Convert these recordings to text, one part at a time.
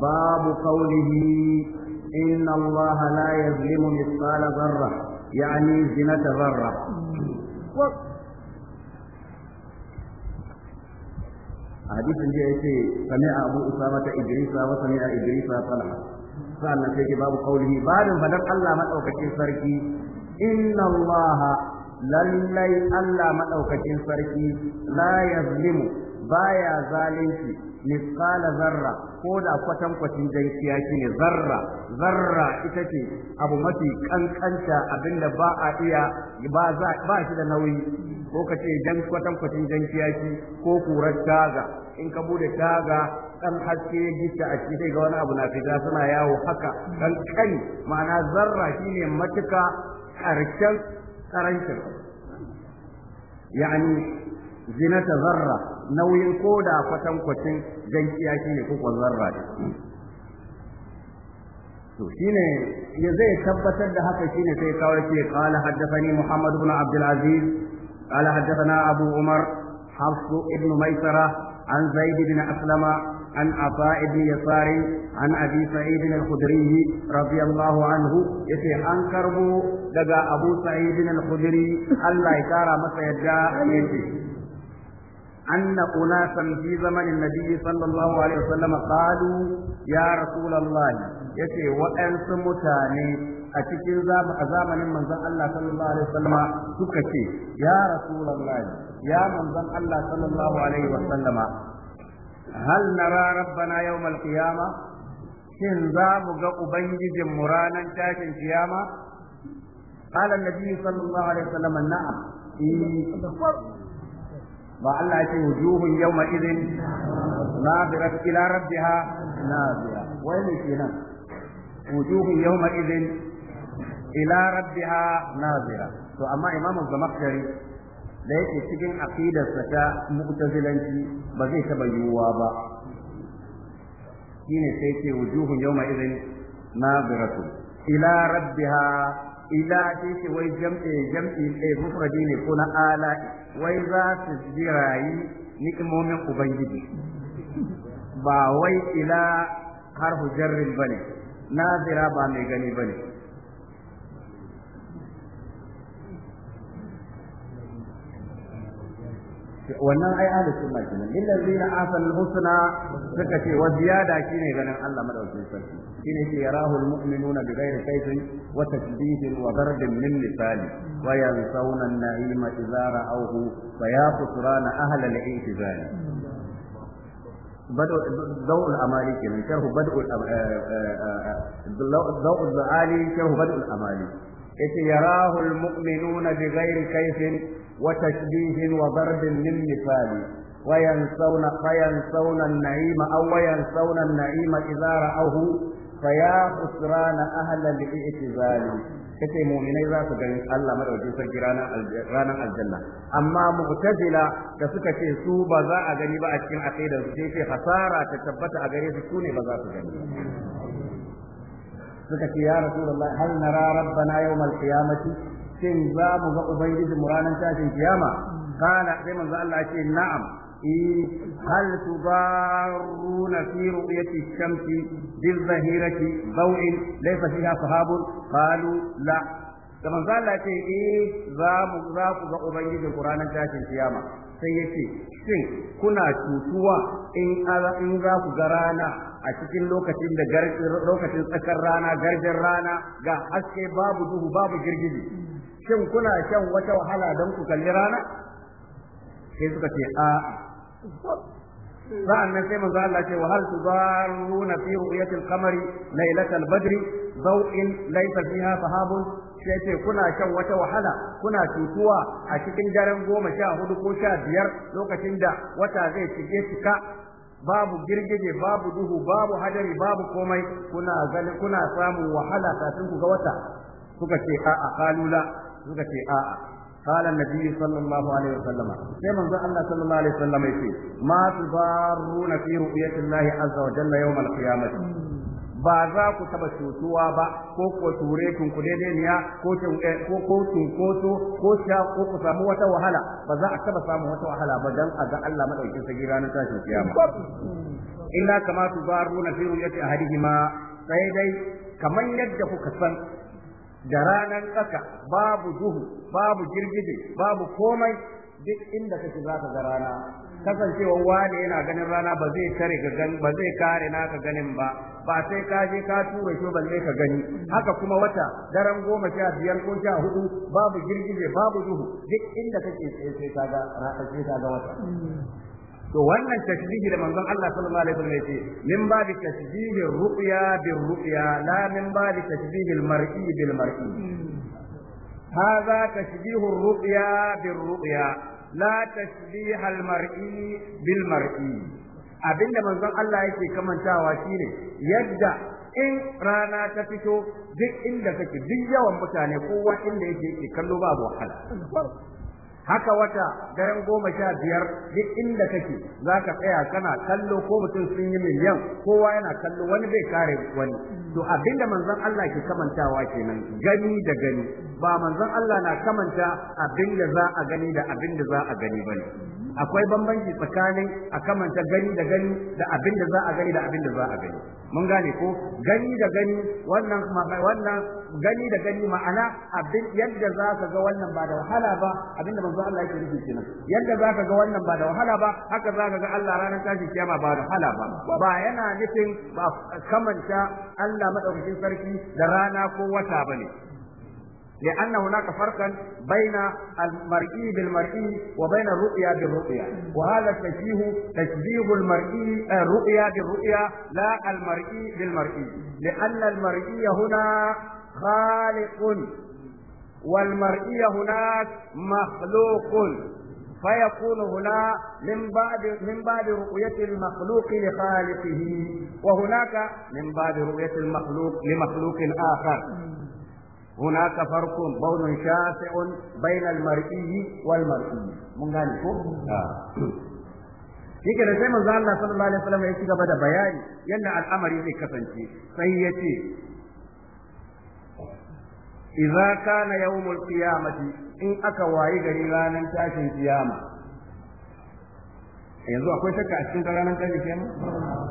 باب قوله إن الله لا يظلم مثقال ذرة يعني زنة ذرة حديث دي في سمع أبو أسامة إدريس وسمع إدريس طلحة سألنا فيك باب قوله بعد فدر الله ما أوكتين سركي إن الله lallai Allah maɗaukakin sarki لا يظلم baya zalunci misqala zarra ko da kwatan kwatin ki ne. zarra zarra ita ce abu mafi kankanta abinda ba a iya ba za ba shi da nauyi ko ka ce dan kwatan kwatin dankiya ko kurar taga in ka bude taga dan haske gita a ciki sai ga wani abu na fita suna yawo haka dan kan ma'ana zarra shine matuka karshen karancin yani zinata zarra nauyin ko da kwatankwacin gankiya shi ne ko zarra to ne ya zai tabbatar da haka shi ne sai kawai ce qala haddathani Muhammad ibn Abdul kala qala Abu Umar Hafsu ibn Maisara an Zaid ibn Aslama an Afa ibn yasari an Abi Sa'id al-Khudri radiyallahu anhu yace an karbo daga Abu Sa'id al-Khudri Allah ya tara masa yadda yake أن أناسا في زمن النبي صلى الله عليه وسلم قالوا يا رسول الله يتي وأنس متاني أتكين زامن من زمن الله صلى الله عليه وسلم سكتي يا رسول الله يا من زمن الله صلى الله عليه وسلم هل نرى ربنا يوم القيامة شن زام أبنجد مرانا تاشن قيامة قال النبي صلى الله عليه وسلم نعم إيه ba Allah ce wujuhun yawma idin nabirat ila rabbi rabbiha nabira wai ne kenan wujuhun yawma idin ila rabbi ha na nabira to amma imamu zamakari da yake cikin aqidarsa ta mu'tazilanci ba zai taba yiwuwa ba shine sai ce wujuhun yawma idin nabiratu ila rabbi ha. ila shi shi wai jam'i jam'i ɗaya mufradi ne ko na ala wai za su jirayi ni'imomin ubangiji ba wai ila harfu jarrin bane nazira ba mai gani bane wannan ai ahli sunna kenan illal zina asal husna suka ce wa ziyada shine ganin Allah madaukakin sarki shine ke yarahul mu'minuna bi ghairi kaifin wa tasbihin wa darbin min misali wa yansawna an-na'ima idza ra'awhu fa ya khusrana ahla al-i'tizal بدء ضوء الأمالي كمان شرح بدء ضوء الزعالي شرح بدء الأمالي yace yarahu almu'minuna bighairi kayfin wa tashbihin wa darbin min misali وينسون فينسون النعيم أو وينسون النعيم إذا رأوه فيا خسران أهل الاعتزال kace muminai za su gani Allah madaukakin sarki ranar aljanna amma mu'tazila da suka ce su ba za a gani ba a cikin aqidar su sai hasara ta tabbata a gare su su ne ba za su gani suka ce ya rasulullahi hal nara rabbana yawmal qiyamati shin za mu ga ubangiji mu ranar tashin kiyama kana sai manzo Allah ce na'am هل تضارون في رؤية الشمس بالظهيرة ضوء ليس فيها صحاب قالوا لا da manzo Allah ya ce eh za mu za ku ga ubangijin kiyama sai yace shin kuna cutuwa in in za ku ga rana a cikin lokacin da lokacin tsakar rana garjin rana ga haske babu duhu babu girgiji shin kuna shan wata wahala don ku kalli rana sai suka ce a sa'an nan sai manzo Allah ce wa hal tudaruna fi ru'yatil qamari laylatal badri daw'in laysa fiha sahabun sai ce kuna shan wata wahala kuna cutuwa a cikin daren goma sha hudu ko sha biyar lokacin da wata zai shige cika babu girgije babu duhu babu hadari babu komai kuna zali kuna samun wahala kafin ku ga wata suka ce a'a kalula suka ce a'a قال النبي صلى الله عليه وسلم كما قال الله صلى الله عليه وسلم ما تضارون في رؤية الله عز وجل يوم القيامة ba za ku taba cutuwa ba ko ku ture tunku daidaiya eh, ko ko cunkoso ko sha ko ku samu wata wahala ba za a taba samu wata wahala ba dan a ga Allah madaukin sa gira na tashin kiyama illa kama tubaruna fi ru'yati ahadihima sai dai kaman yadda kuka san da ranar tsaka babu duhu babu girgije babu komai duk inda kake za ka ga rana kasancewa wani yana ganin rana ba zai kare ka gani ba zai kare naka ganin ba ba sai ka je ka tura shi ba zai ka gani haka kuma wata daren goma sha biyar ko sha hudu babu girgije babu duhu duk inda kake sai sai ka ga sai ka ga wata to wannan tashbihi da manzon Allah sallallahu alaihi wasallam yace min babu tashbihi ru'ya bir ru'ya la min babu tashbihi al mar'i bil mar'i hmm. hadha tashbihu ar ru'ya bir ru'ya la tashbihal mar'i bil mar'i abinda manzon Allah yake kamantawa shine yadda in rana ta fito duk inda kake duk yawan mutane kowa inda yake yake kallo babu wahala haka wata daren goma sha biyar duk inda kake za ka tsaya kana kallo ko mutum sun yi miliyan kowa yana kallo wani bai kare wani to abinda manzon Allah ke kamantawa kenan gani da gani ba manzon Allah na kamanta abinda za a gani da abinda za a gani bane akwai bambanci tsakanin a kamanta gani da gani da abinda za a gani da abinda za a gani mun gane ko gani da gani wannan wannan gani da gani ma'ana abin yadda za ka ga wannan ba da wahala ba abin da manzo Allah yake nufi kenan yadda za ka ga wannan ba da wahala ba haka za ka ga Allah ranar tashi kiyama ba da wahala ba ba yana nufin ba kamanta Allah madaukakin sarki da rana ko wata bane لأن هناك فرقا بين المرئي بالمرئي وبين الرؤيا بالرؤيا وهذا التشبيه تشبيه المرئي آه، الرؤيا بالرؤيا لا المرئي بالمرئي لأن المرئي هنا خالق والمرئي هناك مخلوق فيكون هنا من بعد من بعد رؤية المخلوق لخالقه وهناك من بعد رؤية المخلوق لمخلوق آخر هناك فرق بون شاسع بين المرئي والمرئي من قال yake da sai manzo Allah sallallahu alaihi wasallam ya ci gaba da bayani yadda al'amari zai kasance sai ya ce idza kana yawmul qiyamati in aka wayi gari ranar tashin kiyama yanzu akwai shakka a cikin ranar tashin kiyama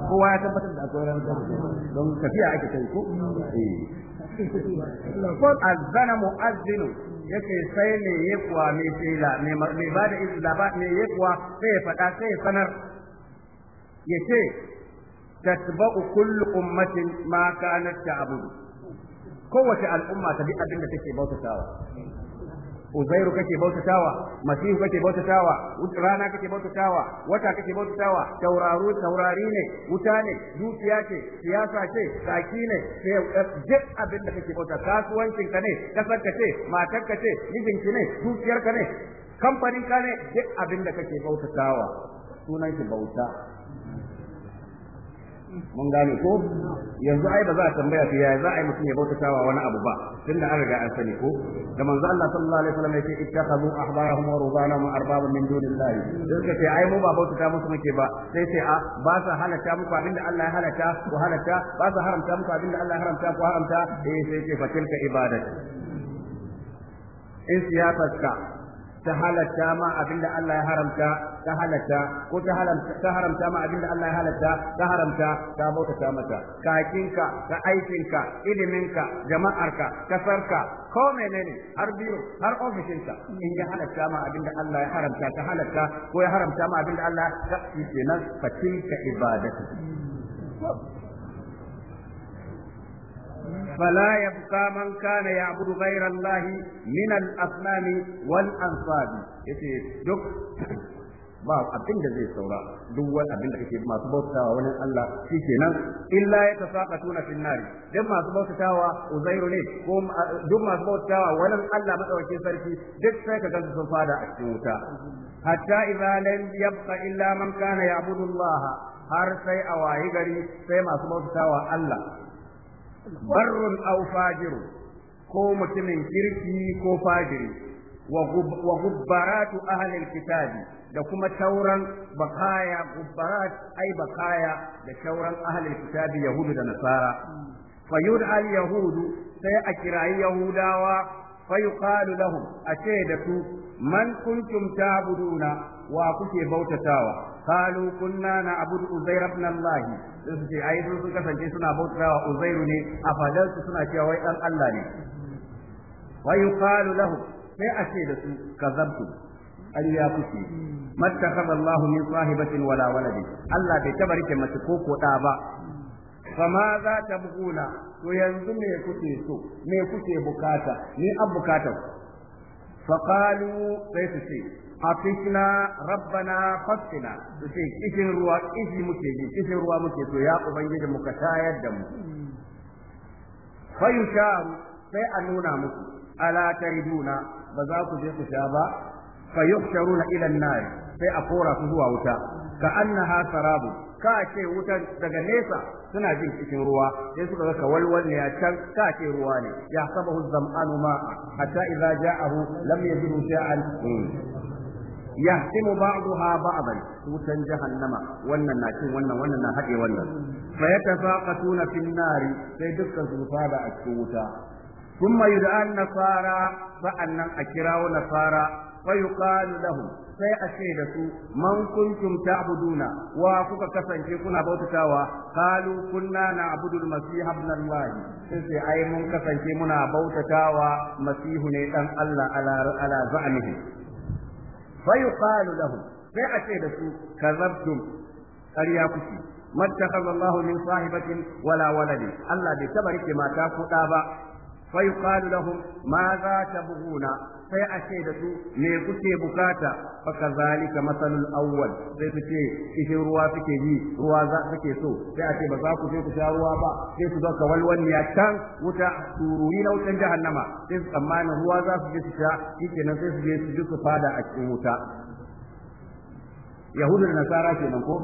kowa ya tabbatar da akwai ranar tashin kiyama don tafiya ake kai ko eh azana mu'azzinu yace sai ne ya kuwa mai fela mai ba da izla ba ne ya sai ya faɗa sai ya sanar yace tatba'u kullu ummatin ma kanat ta'budu kowace al'umma ta bi abin da take bautawa uzairu kake bautatawa masihu kake bautatawa rana kake bautatawa wata kake bautatawa tauraro taurari ne wuta ne dukiya ce siyasa ce saki ne eh, duk abin da kake bauta kasuwancin ka ne kasar ka ce matar ka ce ki ne dukiyar ka ne kamfanin ka ne duk abin da kake bautatawa sunan ki bauta mun gane ko yanzu ai ba za a tambaya ta yaya za a yi mutum ya bautatawa wani abu ba da an riga an sani ko da manzo Allah sallallahu alaihi wasallam yake ittakhadhu ahbarahum wa rubana ma arbaba min dunillahi dan ka ce ai mu ba bautata musu muke ba sai sai a ba sa halatta muku abinda Allah ya halatta ko halatta ba sa haramta muku abinda Allah ya haramta ko haramta eh sai ce fa tilka ibadatu in ka ta halatta ma abinda Allah ya haramta ta halatta ko ta haramta haramta ma abinda Allah ya halatta ta haramta ta bautata mata kakinka ka aikinka iliminka jama'arka kasarka ko menene har biyu har ofishinka in ya halatta ma abinda Allah ya haramta ta halatta ko ya haramta ma abinda Allah ya kenan fatilka ibadatu فلا يبقى من كان يعبد غير الله من الأصنام والأنصاب يتي دك ba abin da zai saura duk wani abin da kake masu bautawa wani Allah shi kenan illa ya tafaqatuna fil nar duk masu bautawa uzairu ne ko duk masu bautawa wani Allah madaukakin sarki duk sai ka gansu sun fada a cikin wuta hatta idza lam yabqa illa man kana ya'budu Allah har sai a wayi gari sai masu bautawa Allah barrun aw fajiru ko mutumin kirki ko fajiri wa gubbaratu ahli da kuma tauran bakaya gubbarat ai bakaya da tauran ahli kitabi yahudu da nasara al alyahudu sai a kirayi yahudawa فيقال لهم أشهدك من كنتم wa kuke bautatawa? قالوا كنا نعبد عزير ابن الله sai ai sun kasance suna bautawa uzairu ne a fadar su suna cewa wai dan Allah ne wa yuqalu lahu sai a ce da su kazabtu ayya kuke mattakhadha Allah min sahibatin wala waladi Allah bai taba rike mace ko ko da ba fama za ta buguna to yanzu me kuke so me kuke bukata ni an bukata fa qalu sai su ce hafishna rabbana fassina su ce kishin ruwa kishi muke ji kishin ruwa muke to ya ubangiji muka tayar da mu fayusharu sai a nuna muku ala tariduna ba za ku je ku sha ba fayusharuna ila nar sai a kora su zuwa wuta ka annaha sarabu ka ce wutar daga nesa suna jin cikin ruwa sai suka ga walwal ne ya can ka ce ruwa ne ya sabahu zam'anu ma hatta idza ja'ahu lam yajidu shay'an yahtimu ba'daha ba'dan wutan jahannama wannan na cin wannan wannan na haɗe wannan fa yatafaqatuna fin nari sai dukkan su fada a cikin wuta nasara يدعى النصارى فأن أكراه نصارى ويقال لهم sai a ce da su man kuntum ta'buduna wa kuka kasance kuna bautatawa qalu kunna na'budu al-masih ibn Allah sai sai ai mun kasance muna bautatawa masihu ne dan Allah ala ala za'mihi فيقال لهم سيأتي لسو كذبتم أرياكم ما اتخذ الله من صاحبة ولا ولد الله بتبرك ما تاكو فيقال لهم ماذا تبغون sai a ce da su me kuke bukata fa kazalika masalul awwal sai su ce kishin ruwa suke yi ruwa za suke so sai a ce ba za ku je ku sha ruwa ba sai su zaka ya can wuta sururi na wutan jahannama sai su tsammana ruwa za su je su sha nan sai su je su ji fada a cikin wuta yahudu da nasara kenan ko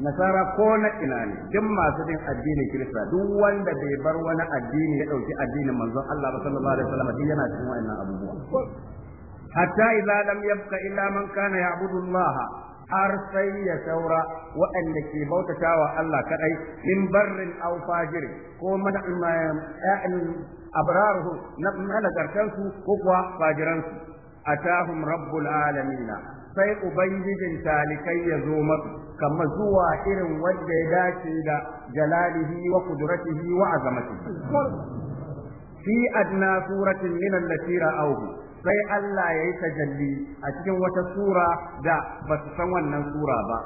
nasara ko na ina ne duk masu bin addinin kirista duk wanda bai bar wani addini ya dauki addinin manzon Allah ba sallallahu alaihi wasallam duk yana cikin wannan abubuwa hatta idza lam yabqa illa man kana ya'budu Allah har sai ya saura waɗanda ke bautatawa Allah kadai in barrin aw fajiri ko man abraruhu na nagartansu ko kuwa fajiransu atahum rabbul alamin sai ubangijin talikai ya zo masu kamar zuwa irin wanda ya dace da jalalihi wa kudratihi wa azamatihi fi adna suratin min allati ra'awhu sai Allah ya yi tajalli a cikin wata sura da ba su san wannan sura ba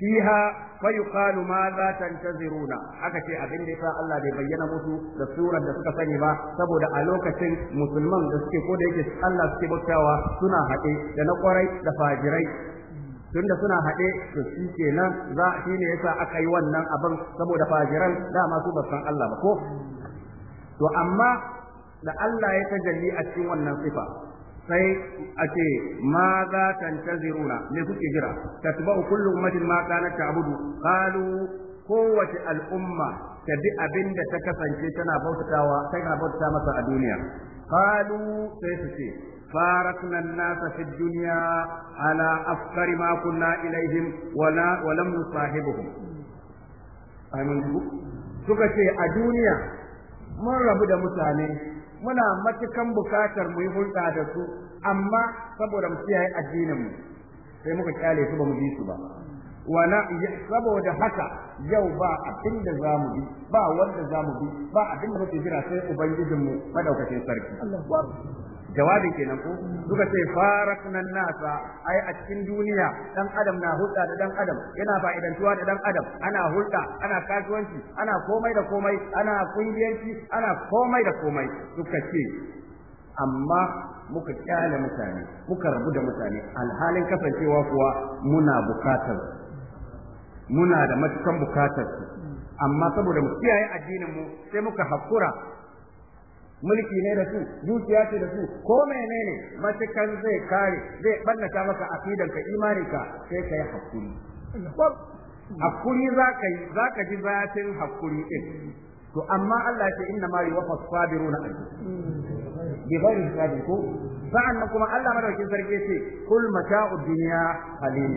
فيها فيقال ماذا تنتظرون haka ce abin da yasa Allah bai bayyana musu da surar da suka sani ba saboda a lokacin musulman da suke ko da yake Allah suke bautawa suna haɗe da na kwarai da fajirai tunda suna haɗe to shi kenan za shi ne yasa aka yi wannan abin saboda fajiran dama su ba san Allah ba ko to amma da Allah ya tajalli a cikin wannan sifa sai a ce ma za tantaziruna me kuke jira tatba'u kullu ummatin ma kanat ta'budu qalu kowace al'umma ta bi abinda ta kasance tana sai tana bauta masa a duniya qalu sai su ce فارقنا الناس في الدنيا على أفقر ما كنا إليهم ولا ولم نصاحبهم suka ce a duniya mun rabu da mutane muna matukan bukatar mu yi hulɗa da su amma saboda mu kiyaye addinin mu sai muka kyale su ba mu bi su ba wana saboda haka yau ba abin da za mu bi ba wanda za mu bi ba abin da muke jira sai ubangijinmu madaukakin sarki Jawabin kenan ko suka ce faraknan nasa ai a cikin duniya dan adam na hulɗa da dan adam yana fa'idantuwa da dan adam ana hulɗa ana kasuwanci ana komai da komai ana kungiyanci ana komai da komai suka ce amma muka kyale mutane muka rabu da mutane alhalin kasancewa kuwa muna bukatar muna da matukan bukatar amma saboda mu kiyaye addinin mu sai muka hakura mulki ne da su dukiya ce da su ko menene matukan zai kare zai bannata maka imani ka sai kai hakuri hakuri za ka yi za ka ji zatin hakuri din to amma Allah ya ce inna ma yuwaffa sabiruna ajruhum bi ghairi hisabin ko sa'an kuma Allah madaukin sarki ce kul mata'u dunya qalil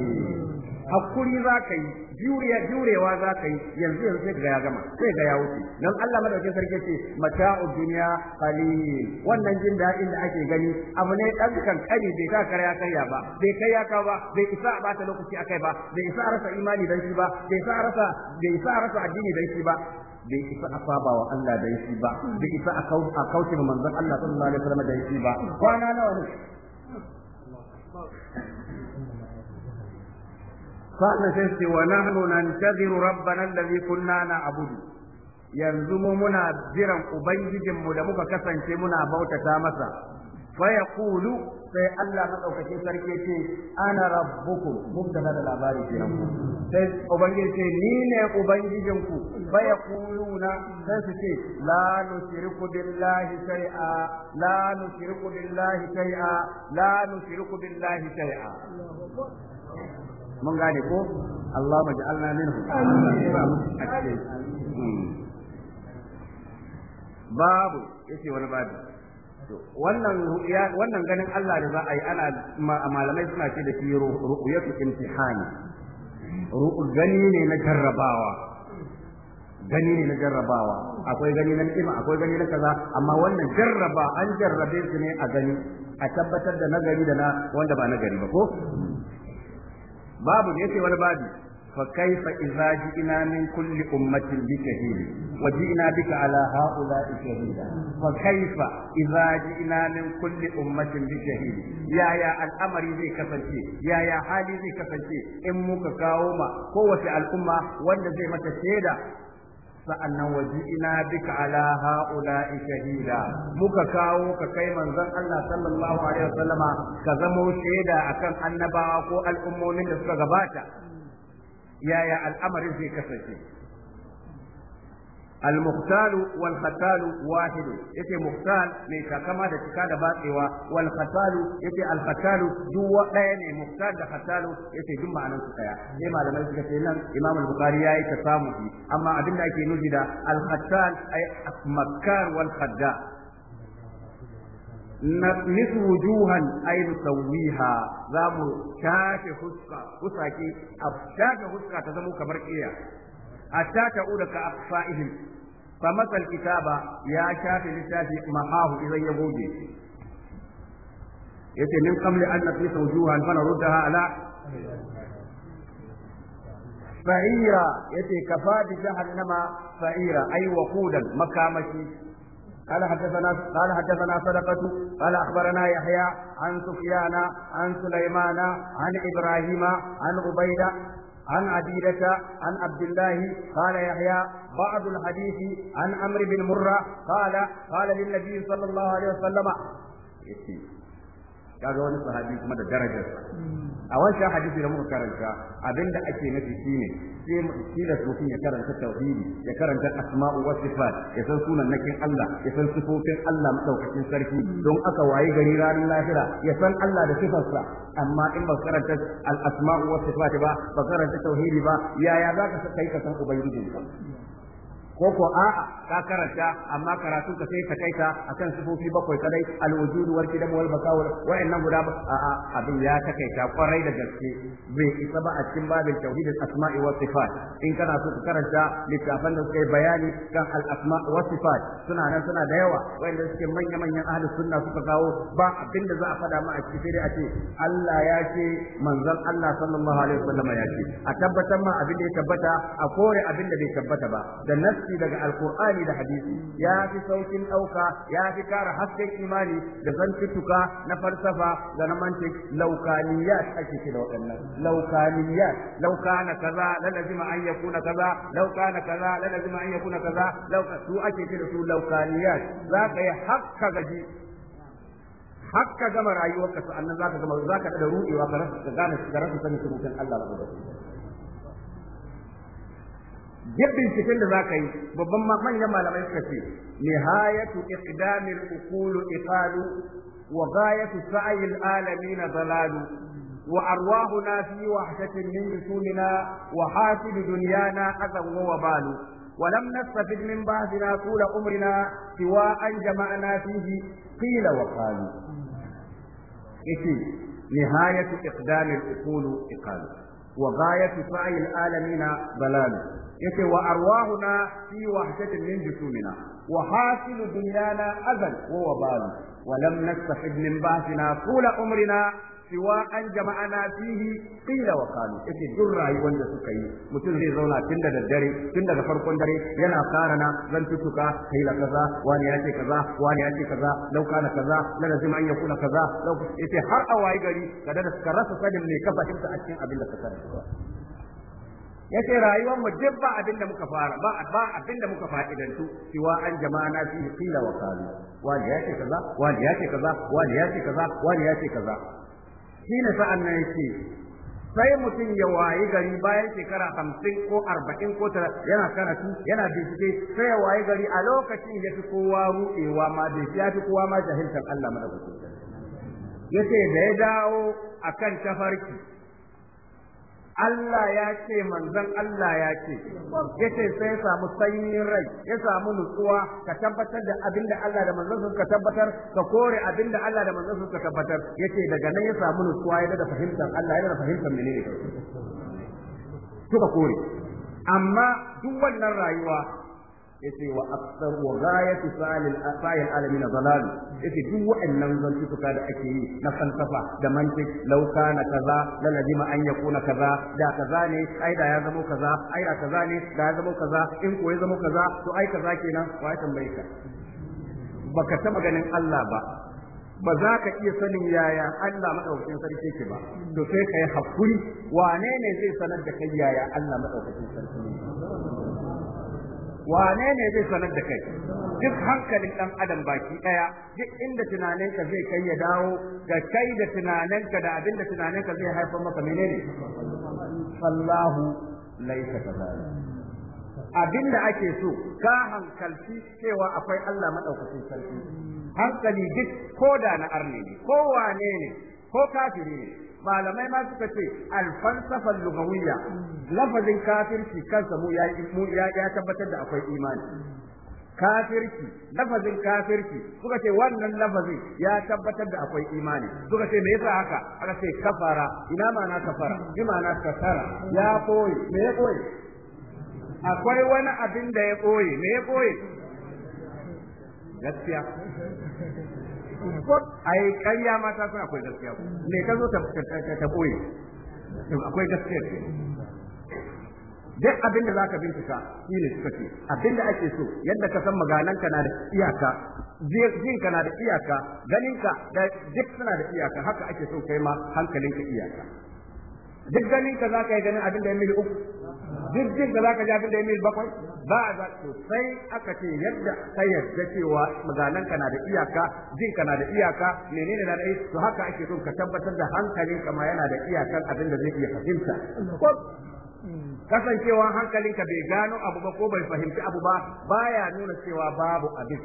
hakuri za ka yi juriya jurewa za ka yi yanzu yanzu sai ga ya gama sai ga ya wuce nan Allah madaukakin sarki ce mata'u dunya qalil wannan jin daɗin da ake gani abu ne dan kare bai ta karya karya ba bai kai ya ka ba bai isa a bata lokaci akai ba bai isa rasa imani dan shi ba bai isa rasa bai isa rasa addini dan shi ba bai isa a saba wa Allah dan shi ba bai isa a kauce manzon Allah sallallahu alaihi wasallam dan shi ba kwana nawa ne sa'an sai ce wa nahnu nantadhiru rabbana alladhi kunna na'budu yanzu mu muna jiran mu da muka kasance muna bautata masa fa yaqulu sai Allah madaukakin sarki ce ana rabbukum mubtada da labari kenan sai ubangiji ce ni ne ubangijinku fa yaquluna sai su ce la nushriku billahi shay'a la nushriku billahi shay'a la nushriku billahi shay'a mun gane ko Allah ji Allah minhu babu yace wani babu wannan wannan ganin Allah da za a yi ana malamai suna ce da shi ru'yatu imtihani ru'u gani ne na jarrabawa gani ne na jarrabawa akwai gani na ni'ima akwai gani na kaza amma wannan jarraba an jarrabe su ne a gani a tabbatar da nagari da na wanda ba nagari ba ko babu da yace wani babu fa kaifa idza ji'na min kulli ummatin bi shahid wa ji'na bika ala ha'ula'i shahida fa kaifa idza ji'na min kulli ummatin bi shahid yaya al'amari zai kasance yaya hali zai kasance in muka kawo ma kowace al'umma wanda zai mata shaida sa'annan ina bika ala ha'ula'i shahida muka kawo ka kai manzon Allah sallallahu alaihi wasallama ka zamo shaida akan annabawa ko al'ummomin da suka gabata yaya al'amarin zai kasance المختال والختال واحد يتي مختال من كما ده cika da batsewa wal khatalu yace al khatalu duk ne muftar da khatalu yace duk ma'anar su daya sai malamai suka ce nan imam al bukhari yayi ta samu amma abin da ake nufi da al khatal ay makkar wal khadda نطمس وجوها أي نسويها زام شاك حسكا حسكي أب شاك حسكا تزمو كبركية حتى تعود كأقصائهم فمسى الكتاب يا شافي للشافي محاه إذا يبوجي يتي من قبل أن نقيس وجوها فنردها على فعيرا يتي كفاد جهنم فعيرا أي وقودا مكامشي قال حدثنا قال حدثنا صدقة قال أخبرنا يحيى عن سفيان عن سليمان عن إبراهيم عن عبيدة عن عبيدة عن عبد الله قال يحيى بعض الحديث عن عمرو بن مرة قال قال للنبي صلى الله عليه وسلم kaga wani sahabi kuma da darajarsa a wancan hadisi da muka karanta abinda ake nufi shine sai tilas mutum ya karanta tauhidi ya karanta asma'u wa sifat ya san sunan nakin Allah ya san sifofin Allah madaukakin sarki don aka waye gari ranar lahira ya san Allah da sifarsa amma in ba karanta al asma'u wa sifat ba ba karanta tauhidi ba yaya zaka kai ka san ubangijinka Koko, ko a'a ka karanta amma karatu ka sai ka kaita akan sifofi bakwai kadai alwujud wal kidam wal bakawul wa'annan guda a'a abin ya takaita kwarai da gaske bai isa ba a cikin babin tauhid asma'i wa sifat in kana so ka karanta littafan da suka yi bayani kan al asma'i wa sifat suna nan suna da yawa wanda suke manya manyan ahli sunna suka kawo ba abin da za a faɗa ma a cikin sai a ce Allah ya ce manzon Allah sallallahu alaihi wasallam ya ce a tabbatar ma abin da ya tabbata a kore abin da bai tabbata ba da nafsi nassi daga alkur'ani da hadisi ya fi saukin ɗauka ya fi kara hasken imani da zantuttuka na falsafa da na mantik laukaniyat ake kira waɗannan laukaniyat na kaza la lazima an kuna kaza na kaza la lazima an kuna kaza lauka su ake kira su laukaniyat za ka yi hakka gaji hakka gama rayuwarka sa'annan za ka gama za ka da ruɗewa ka rasa gane ka rasa sanin surutan Allah ba duk binciken da zaka yi babban manyan malamai suka ce nihayatu iqdamil uqulu iqalu wa ghayatu sa'yil alamin zalalu wa arwahuna fi wahshatin min yusunina wa hasid dunyana azaw wa balu ولم نستفد من بعثنا طول عمرنا سوى أن جمعنا فيه قيل وقالوا إيه نهاية إقدام الأقول إقالوا وغاية سعي العالمين ضلال yace wa arwahuna fi wahdatin min jusumina wa hasilu dunyana azal wa wabalu wa lam nastahid min ba'dina qula umrina siwa an jama'ana fihi qila wa qalu yace duk rayuwar da suka yi mutum zai zauna tun daga dare tun daga farkon dare yana na zan tutuka kai la kaza wani yace kaza wani yace kaza lau kana kaza la lazim an yakuna kaza lau yace har a wayi gari kada da suka rasa sanin me ka fahimta a cikin abin da suka karanta ce rayuwar mu duk ba abin da muka fara ba ba abin da muka fa'idantu cewa an jama'a na fi kila wa qalu wani ce kaza wani ce kaza wani ce kaza wani yace kaza shine sa'an nan yake sai mutum ya wayi gari bayan shekara hamsin ko arba'in ko tara yana karatu yana bincike sai ya wayi gari a lokacin ya fi kowa ruɗewa ma da ya fi kowa ma jahiltar Allah madaukakin ce da ya dawo akan tafarki Allah ya ce manzon Allah ya ce ya ce sai ya samu sanyin rai ya samu nutsuwa ka tabbatar da abin da Allah da manzon suka tabbatar ka kore abin da Allah da manzon suka tabbatar ya ce daga nan ya samu nutsuwa ya da fahimtar Allah ya da fahimtar menene suka kore amma duk wannan rayuwa yace wa aktsar wa ghayatu salil asayil alamin zalal yace duk wa'annan zantuka da ake yi na falsafa da mantik law kana kaza la lazima an yakuna kaza da kaza ne ai da ya zama kaza ai da kaza ne da ya zama kaza in ko ya zama kaza to ai kaza kenan wa ya tambaye ka baka taba ganin Allah ba ba za ka iya sanin yaya Allah madaukakin sarki ke ba to sai kai hakuri wane ne zai sanar da kai yaya Allah madaukakin sarki wane ne zai sanar da kai duk hankalin dan adam baki daya duk inda tunaninka zai kai ya dawo ga kai da tunaninka da abin da tunaninka zai haifar maka menene sallahu laisa abin da ake so ka hankalci cewa akwai Allah madaukakin sarki hankali duk koda na arne ne ko wane ne ko kafiri ne malamai ma suka ce alfalsafa lugawiyya lafazin kafirci kansa mu ya ya tabbatar da akwai imani kafirci lafazin kafirci suka ce wannan lafazin ya tabbatar da akwai imani suka ce me yasa haka aka ce kafara ina ma na kafara bi na kasara ya koyi me ya koyi akwai wani abin da ya koyi me ya koyi gaskiya ai ƙarya mata sun akwai gaskiya me ka zo ta koyi akwai gaskiya ce duk abin da za ka bincika shi ne suka ce abin da ake so yadda ka san magananka na da iyaka ka na da iyaka ganinka da duk suna da iyaka haka ake so kai ma hankalinka iyaka duk ganin ka ka yi ganin abin da ya mil uku duk jin ka zaka ji abin da ya mil bakwai ba za su sai aka ce yadda ka yadda cewa maganan na da iyaka jin ka na da iyaka menene na da to haka ake so ka tabbatar da hankalin ka ma yana da iyakan abin da zai iya fahimta kasancewa ka bai gano abu ba ko bai fahimci abu ba baya nuna cewa babu abin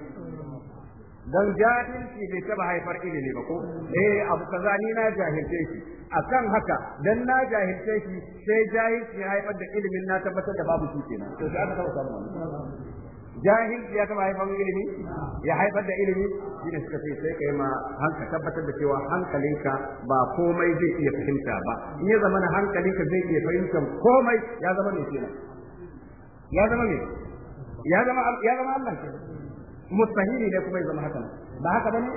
dan jahilci bai taba haifar ilimi ba ko eh abu kaza ni na jahilce shi akan haka dan na jahilce shi sai jahilci ya haifar da ilimin na tabbatar da babu shi kenan to sai aka taba samu jahilci ya taba haifar ilimi ya haifar da ilimi shi ne suka ce sai kai ma hanka tabbatar da cewa hankalinka ba komai zai iya fahimta ba in ya zama na hankalinka zai iya fahimtar komai ya zama ne kenan ya zama ne ya zama ya zama Allah kenan mustahili ne kuma ya zama haka ba haka bane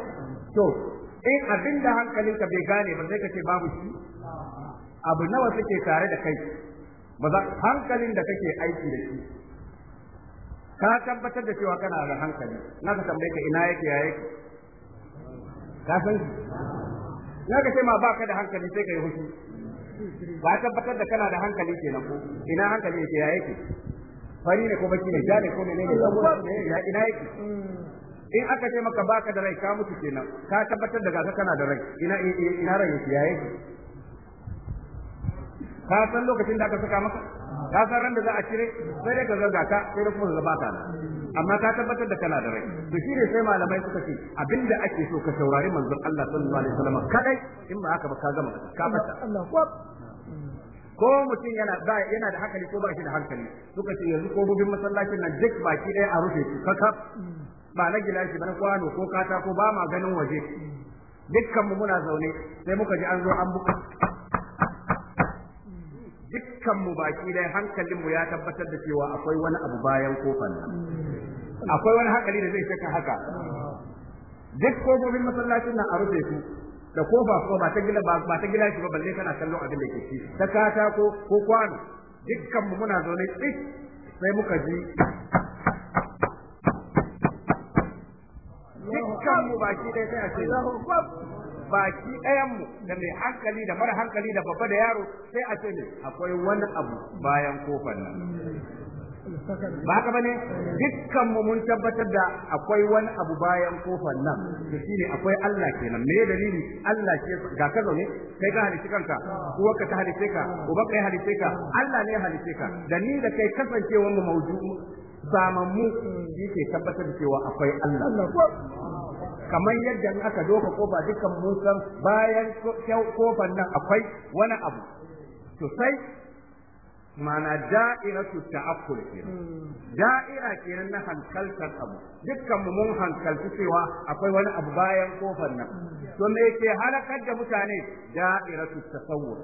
to in abin da hankalinka bai gane ba sai ka ce babu shi abu nawa suke tare da kai ba za hankalin da kake aiki da shi ka tabbatar da cewa kana da hankali na ka tambaye ka ina yake ya yake ka san shi? na ka ce ma ba ka da hankali sai ka yi hushi ba tabbatar da kana da hankali kenan ko ina hankali yake ya yake fari ne ko baki ne ja ne ko ne ne ina yake in aka ce maka baka da rai ka mutu kenan ka tabbatar da gasa kana da rai ina ina rai yake yayi ka san lokacin da aka saka maka ka san ran da za a cire sai dai ka zaga ka sai da kuma zaba ka amma ka tabbatar da kana da rai to shi ne sai malamai suka ce abinda ake so ka saurari manzon Allah sallallahu alaihi wasallam kadai in ba haka ba ka gama ka fata ko mutum yana ba yana da hankali ko ba shi da hankali suka ce yanzu ko gobin masallacin nan duk baki ɗaya a rufe ka ka ba na gilashi ba na kwano ko ko ba ma ganin waje dukkan mu muna zaune sai muka ji an zo an buka dukkan mu baki dai hankalin mu ya tabbatar da cewa akwai wani abu bayan kofar nan akwai wani hankali da zai shaka haka duk kofofin masallacin nan a rufe su da kofa ko ba ta gila ba ta gila shi ba balle kana kallon abin da ke ci ta katako ko kwano dukkan mu muna zaune sai muka ji dukkan mu baki ɗaya sai a ce baki ɗayanmu da mai hankali da mara hankali da babba da yaro sai a ce ne akwai wani abu bayan kofar nan ba haka bane dukkan mu mun tabbatar da akwai wani abu bayan kofar nan to shine akwai Allah kenan me dalili Allah ke ga ka zaune kai ka halice kanka uwar ka ta halice ka uban ka halice ka Allah ne halice ka da ni da kai kasancewar mu maudu zamammu shi ke tabbatar da cewa akwai Allah kamar yadda in aka doka kofa dukkan musan bayan kofan nan akwai wani abu to sai mana su ta'akkul kenan hmm. da'ira kenan na hankaltar abu dukkan mu mun hankalci cewa akwai wani abu bayan kofar nan hmm. to me yake halakar da mutane su tasawwur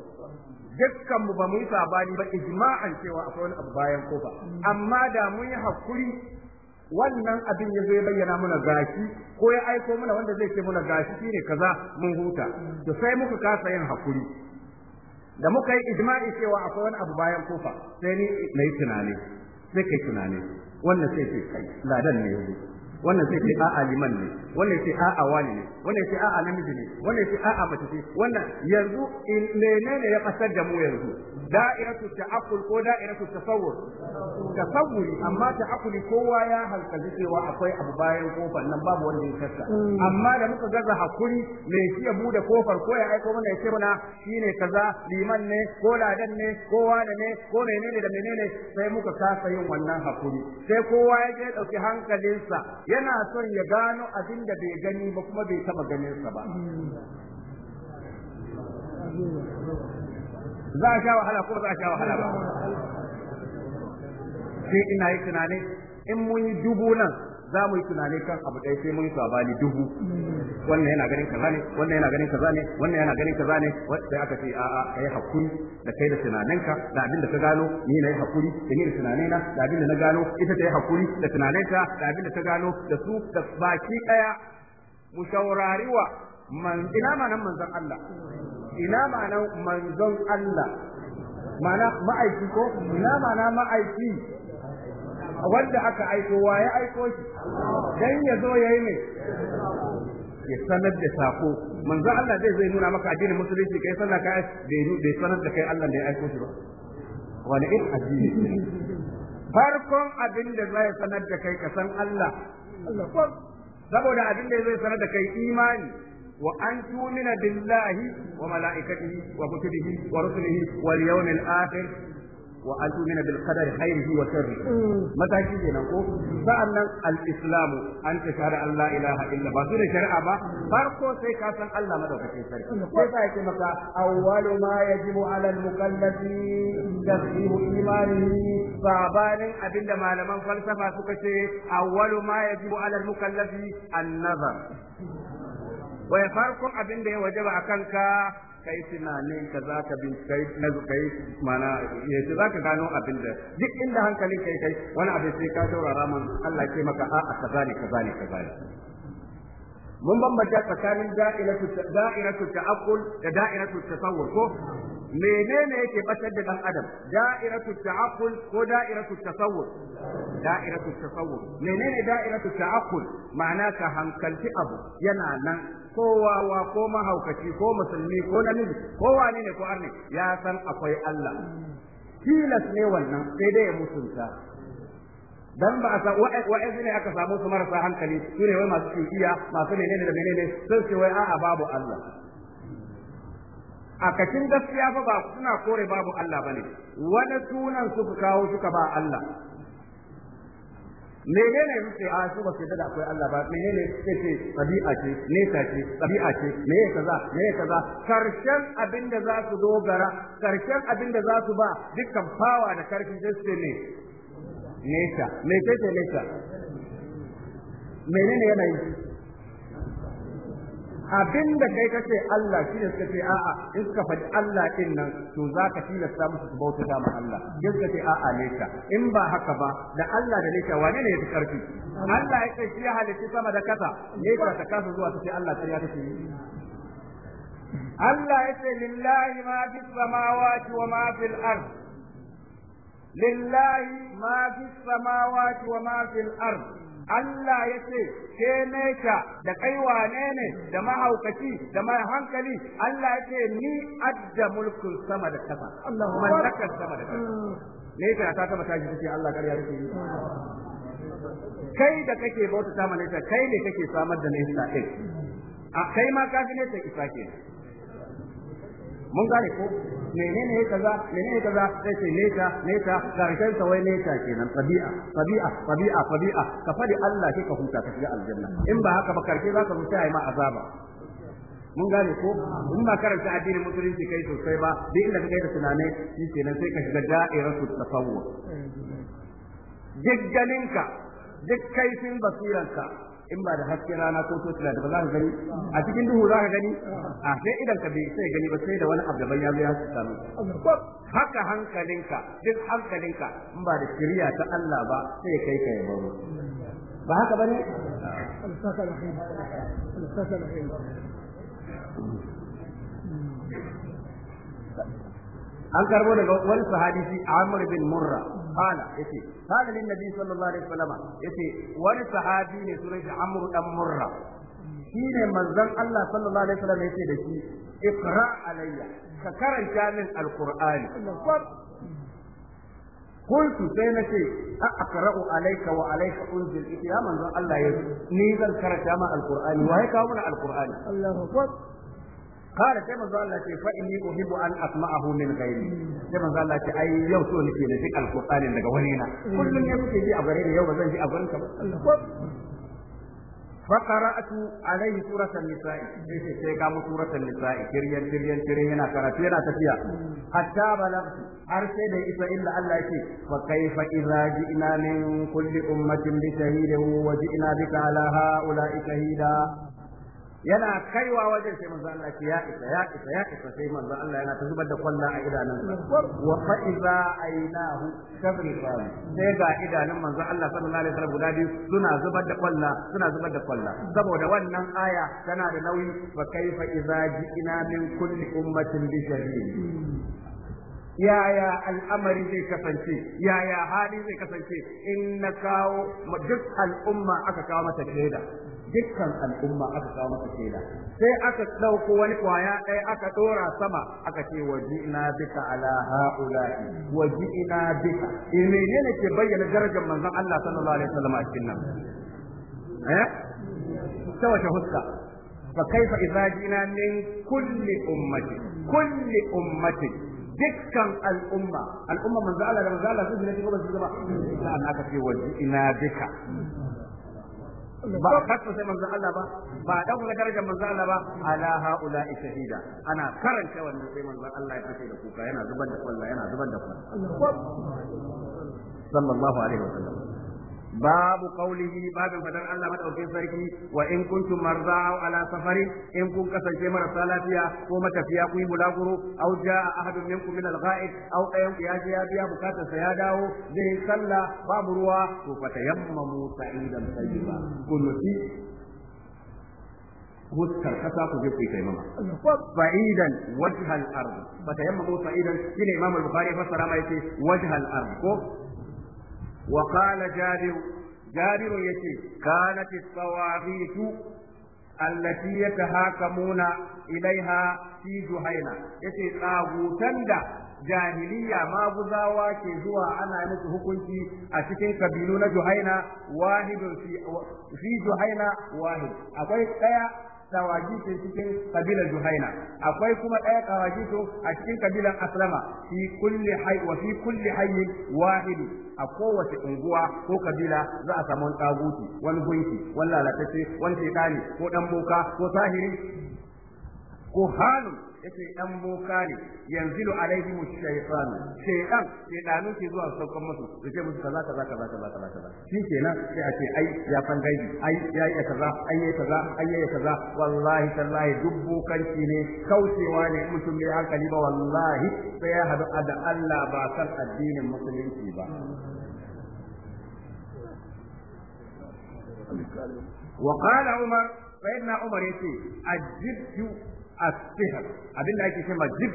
dukkan mu ba mu yi sabani ba ijma'an cewa akwai wani abu bayan kofa hmm. amma da mun yi hakuri wannan abin ya zai bayyana muna gashi ko ya aiko muna wanda zai ce muna gashi shine kaza mun huta to sai muka kasa yin hakuri da muka yi ijma'i cewa akwai wani abu bayan kofa sai ni na yi tunani sai kai tunani wannan sai ce kai ladan ne yanzu wannan sai ce a'a liman ne wannan sai a'a wani ne wannan sai a'a namiji ne wannan sai a'a mace ce wannan yanzu menene ya kasar da mu yanzu da'iratu ta'aqqul ko da'iratu tasawwur tasawwuri amma ta'aqquli kowa ya halkaci cewa akwai abu bayan kofar nan babu wanda ya shakka amma da muka gaza hakuri me shi ya bude kofar ko ya aiko mana ya ce mana shine kaza liman ne ko ladan ne ko wane ne ko menene da menene sai muka kasa yin wannan hakuri sai kowa ya je dauki hankalinsa yana son ya gano abin da bai gani ba kuma bai taba ganinsa ba za a sha wahala ko za a sha wahala ba sai ina yi tunani in mun yi dubu nan za mu yi tunani kan abu ɗaya sai mun yi sabani dubu wannan yana ganin kaza ne wannan yana ganin kaza ne wannan yana ganin kaza ne sai aka ce a'a kai hakuri da kai da tunaninka da abin da ka gano ni na yi hakuri da ni da tunanina da abin da na gano ita ta yi hakuri da tunaninta da abin da ta gano da su da baki ɗaya mu shaurariwa man ina manan manzon Allah ina ma'ana manzon Allah ma'ana ma'aiki ko ina ma'ana ma'aiki wanda aka aiko wa ya aiko shi dan ya zo yayi ne ya sanar da sako manzon Allah zai zai nuna maka addinin musulunci kai sallah kai bai sanar da kai Allah ne ya aiko shi ba wani in addini farkon abin da zai sanar da kai ka san Allah saboda abin da zai sanar da kai imani وأن تؤمن بالله وملائكته وكتبه ورسله واليوم الآخر وأن تؤمن بالقدر خيره وشره متى كده نقول فأن الإسلام أن تشهد أن لا إله إلا الله سورة شرع ما فرقه سيكاسا الله مدوك في سرق كيف يتمك أول ما يجب على المكلف تفسير إيمانه صعبان أبن ما لمن فلسفة سكشي أول ما يجب على المكلف النظر wai farkon abin da ya wajaba a kanka kai tunanin ka za ka kai na kai mana yace za ka gano abin da duk inda hankalin kai kai wani abin sai ka saurara man Allah ke maka a kaza ne kaza ne kaza ne mun bambanta tsakanin da'iratu da'iratu ta'aqqul da da'iratu tasawwur ko menene yake batar da dan adam da'iratu ta'aqul ko da'iratu tasawwur da'iratu tasawwur menene da'iratu ta'aqul ma'ana ka hankalci abu yana nan kowa wa ko mahaukaci ko musulmi ko namiji ko wani ne ko arne ya san akwai Allah tilas ne wannan sai dai ya mutunta dan ba a wa ne aka samu su marasa hankali su ne wai masu cukiya masu menene da menene sai ce wai a'a babu Allah a kacin gaskiya fa ba suna kore babu Allah bane wani sunan suka kawo suka ba Allah menene suke a su ba su da akwai Allah ba menene suke ce tabi'a ce nesa ce tabi'a ce me kaza me kaza karshen abin da za su dogara karshen abin da za su ba dukkan fawa da karfi sai su ne nesa me ce nesa menene yanayi abin da kai kace Allah shi ne suka ce a'a in suka faɗi Allah din nan to za ka tilasta musu su bauta ma Allah in suka ce a'a ne ka in ba haka ba da Allah da nesa wane ne ya fi karfi Allah ya ce shi ya halitta sama da kasa ne ka ta kasa zuwa ta ce Allah sai ya tafi Allah ya ce lillahi ma fi samawati wa ma fil ard lillahi ma fi samawati wa ma fil ard Allah ya ce ke nesa da kai wane ne da mahaukaci da mai hankali Allah ya ce ni adda mulkin sama da kasa mallakar sama da kasa ne ta ta taba tashi take Allah kariya take yi kai da kake bauta ta mana kai ne kake samar da nesa kai a kai ma kafi ne ta isa kenan mun gane ko menene ya kaza menene kaza sai ce neta neta karshen sa wai neta kenan tabi'a tabi'a tabi'a tabi'a ka fadi Allah ke ka huta ka shiga aljanna in ba haka ba karke za ka zo ma azaba mun gane ko in ba karanta addinin musulunci kai sosai ba duk inda ka kai da tunane shi kenan sai ka shiga da'iratu su eh. duk ganinka duk kaifin basiranka in ba da hasken rana ko to da ba za ka gani a cikin duhu za ka gani a sai idan ka bai sai gani ba sai da wani abu daban ya zo ya samu haka hankalinka duk hankalinka in ba da shiriya ta Allah ba sai kai kai ba ba haka bane an karbo daga wani sahadisi shi Amr bin Murra qala yace qala lin nabi sallallahu alaihi wasallam yace wani sahabi ne sunan shi amr dan murra shine manzon Allah sallallahu alaihi wasallam yace da shi iqra alayya ka karanta min alqur'ani قلت سينتي أقرأ عليك وعليك أنزل إتياما الله يزل نيزل كرتاما القرآن وهيك هنا القرآن الله أكبر قال كما قال لك فإني أحب أن أسمعه من غيري كما قال لك أي يوم سوني في نفي القرآن عندك ولينا كل من يوم تجي أبريني يوم زنجي أبرينك فقرأت عليه سورة النساء sai ga mu suratul nisa'i kiryan kiryan kiryan yana karatu yana tafiya hatta balagtu sai da isa illa Allah yake fa kaifa idza ji'na min kulli ummatin bi shahidin wa ji'na bika ala ha'ula'i shahida yana kaiwa wajen sai manzo Allah ce ya isa ya isa ya isa sai manzo Allah yana ta zubar da kwalla a idanun wa fa iza ainahu tabrifan sai ga idanun manzo Allah sallallahu alaihi wasallam guda biyu suna zubar da kwalla suna zubar da kwalla saboda wannan aya tana da nauyi fa kaifa iza ji'ina min kulli ummatin bi shahid yaya al'amari zai kasance yaya hali zai kasance in na kawo duk al'umma aka kawo mata shaida dukkan al'umma aka kawo masa shaida sai aka ɗauko wani kwaya ɗaya aka ɗora sama aka ce waji'na bika ala ha'ula'i waji'na bika eh menene ke bayyana darajar manzon Allah sallallahu alaihi wasallam a cikin nan eh ta wace huska fa kaifa idza jina min kulli ummati kulli ummati dukkan al'umma al'umma manzo Allah da manzo Allah su ne ko ba su ba sa'an aka ce waji'na bika ba a kasu sai manzon Allah ba ba a dauka darajar manzon Allah ba ala haula shahida ana karanta wannan sai manzon Allah ya fice da kuka yana zubar da kwalla yana zubar da kwalla sallallahu alaihi wasallam باب قوله باب فدر الله مدعو في سيكي وإن كنت مرضى أو على سفر إن كنت كسنتي مرسى فيها وما تفيا قوي ملاقر أو جاء أحد منكم من الغائب أو أيام يا جاء فيها بكاتا سياداو ذي صلى باب روا فتيمموا سعيدا طيبا كنتي fuskar kasa ku je ku yi taimama fa'idan wajhal ard fa tayammamu fa'idan shine imam al-bukhari fassara ma yace wajhal ard ko وقال جابر جابر يشي كانت الصواريخ التي يتهاكمون إليها في جهينة يشي طاغوتاً دا جاهلية ما بزاوا كي جوا أنا نجو حكوشي أشكي كبيلون جهينة واحد في, جهينة واحد أقول تايا tawajisu cikin kabila جهينه akwai kuma ɗaya tawajisu a cikin kabilan aslama fi kulli hay wa fi kulli a kowace unguwa ko kabila za a samu tsaguti wani gunki wani lalatacce wani shekani ko dan boka ko sahiri ko halin yace dan boka ne yanzilu alaihi shaytan shaytan shaytanu ke zuwa saukan musu da ce musu kaza kaza kaza kaza kaza kaza shi kenan sai a ce ai ya san gaibi ai ya yi kaza ai ya kaza ai ya kaza wallahi tallahi duk bokanci ne kaucewa ne mutum bai hankali ba wallahi sai ya hadu da Allah ba san addinin musulunci ba وقال عمر فإن عمر يقول أجبت as-sihr abinda ake cewa jib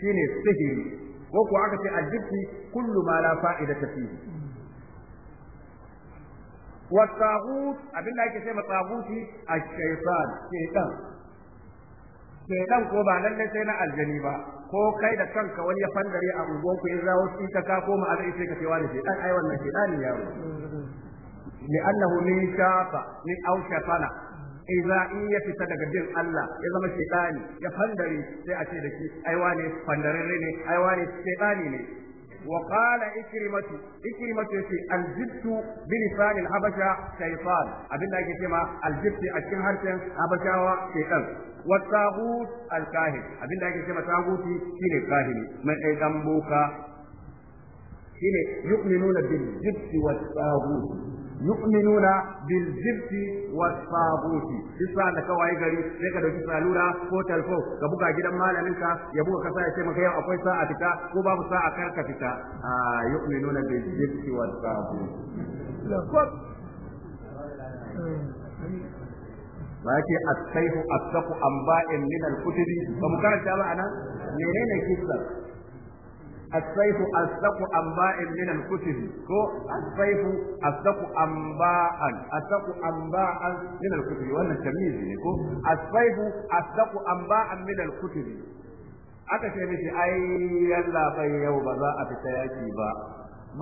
shine sihiri ko ko aka ce al-jibti kullu ma la fa'idata fihi wa taghut abinda ake cewa taghuti a shaytan shaytan shaytan ko ba lalle sai na aljani ba ko kai da kanka wani ya fandare a unguwanku in zawo shi ka ka koma a sai ka ce wani shaytan ai wannan shaytan ne yaro annahu من شاف ni أو شفنا idza in ya fita daga bin Allah ya zama shaytani ya fandare sai a ce da shi ai wane fandararre ne ai wane shaytani ne wa qala ikrimatu ikrimatu yace aljibtu bi lisan alhabasha shaytan abinda yake cewa aljibti a cikin harshen habashawa shaytan wa taghut alkahin abinda ake cewa taghuti shine kahini mai dai gamboka shine yu'minuna bil jibti wat taghut yu'minuna bil jibti was sabuti bisa da kawai gari sai ka dauki salura ko talfo ka buga gidan malamin ka ya buga kasa ya ce maka yau akwai sa'a fita ko babu sa'a kar ka fita a yu'minuna bil jibti was sabuti ba yake asaihu asaku an ba'in min al-kutubi ba mu karanta ba anan menene kissa السيف أصدق أنباء من الكتب كو السيف أصدق أنباء أصدق أنباء من الكتب وأن التمييز كو السيف أصدق أنباء من الكتب aka ce miki ai yalla bai yau ba za a fita yaki ba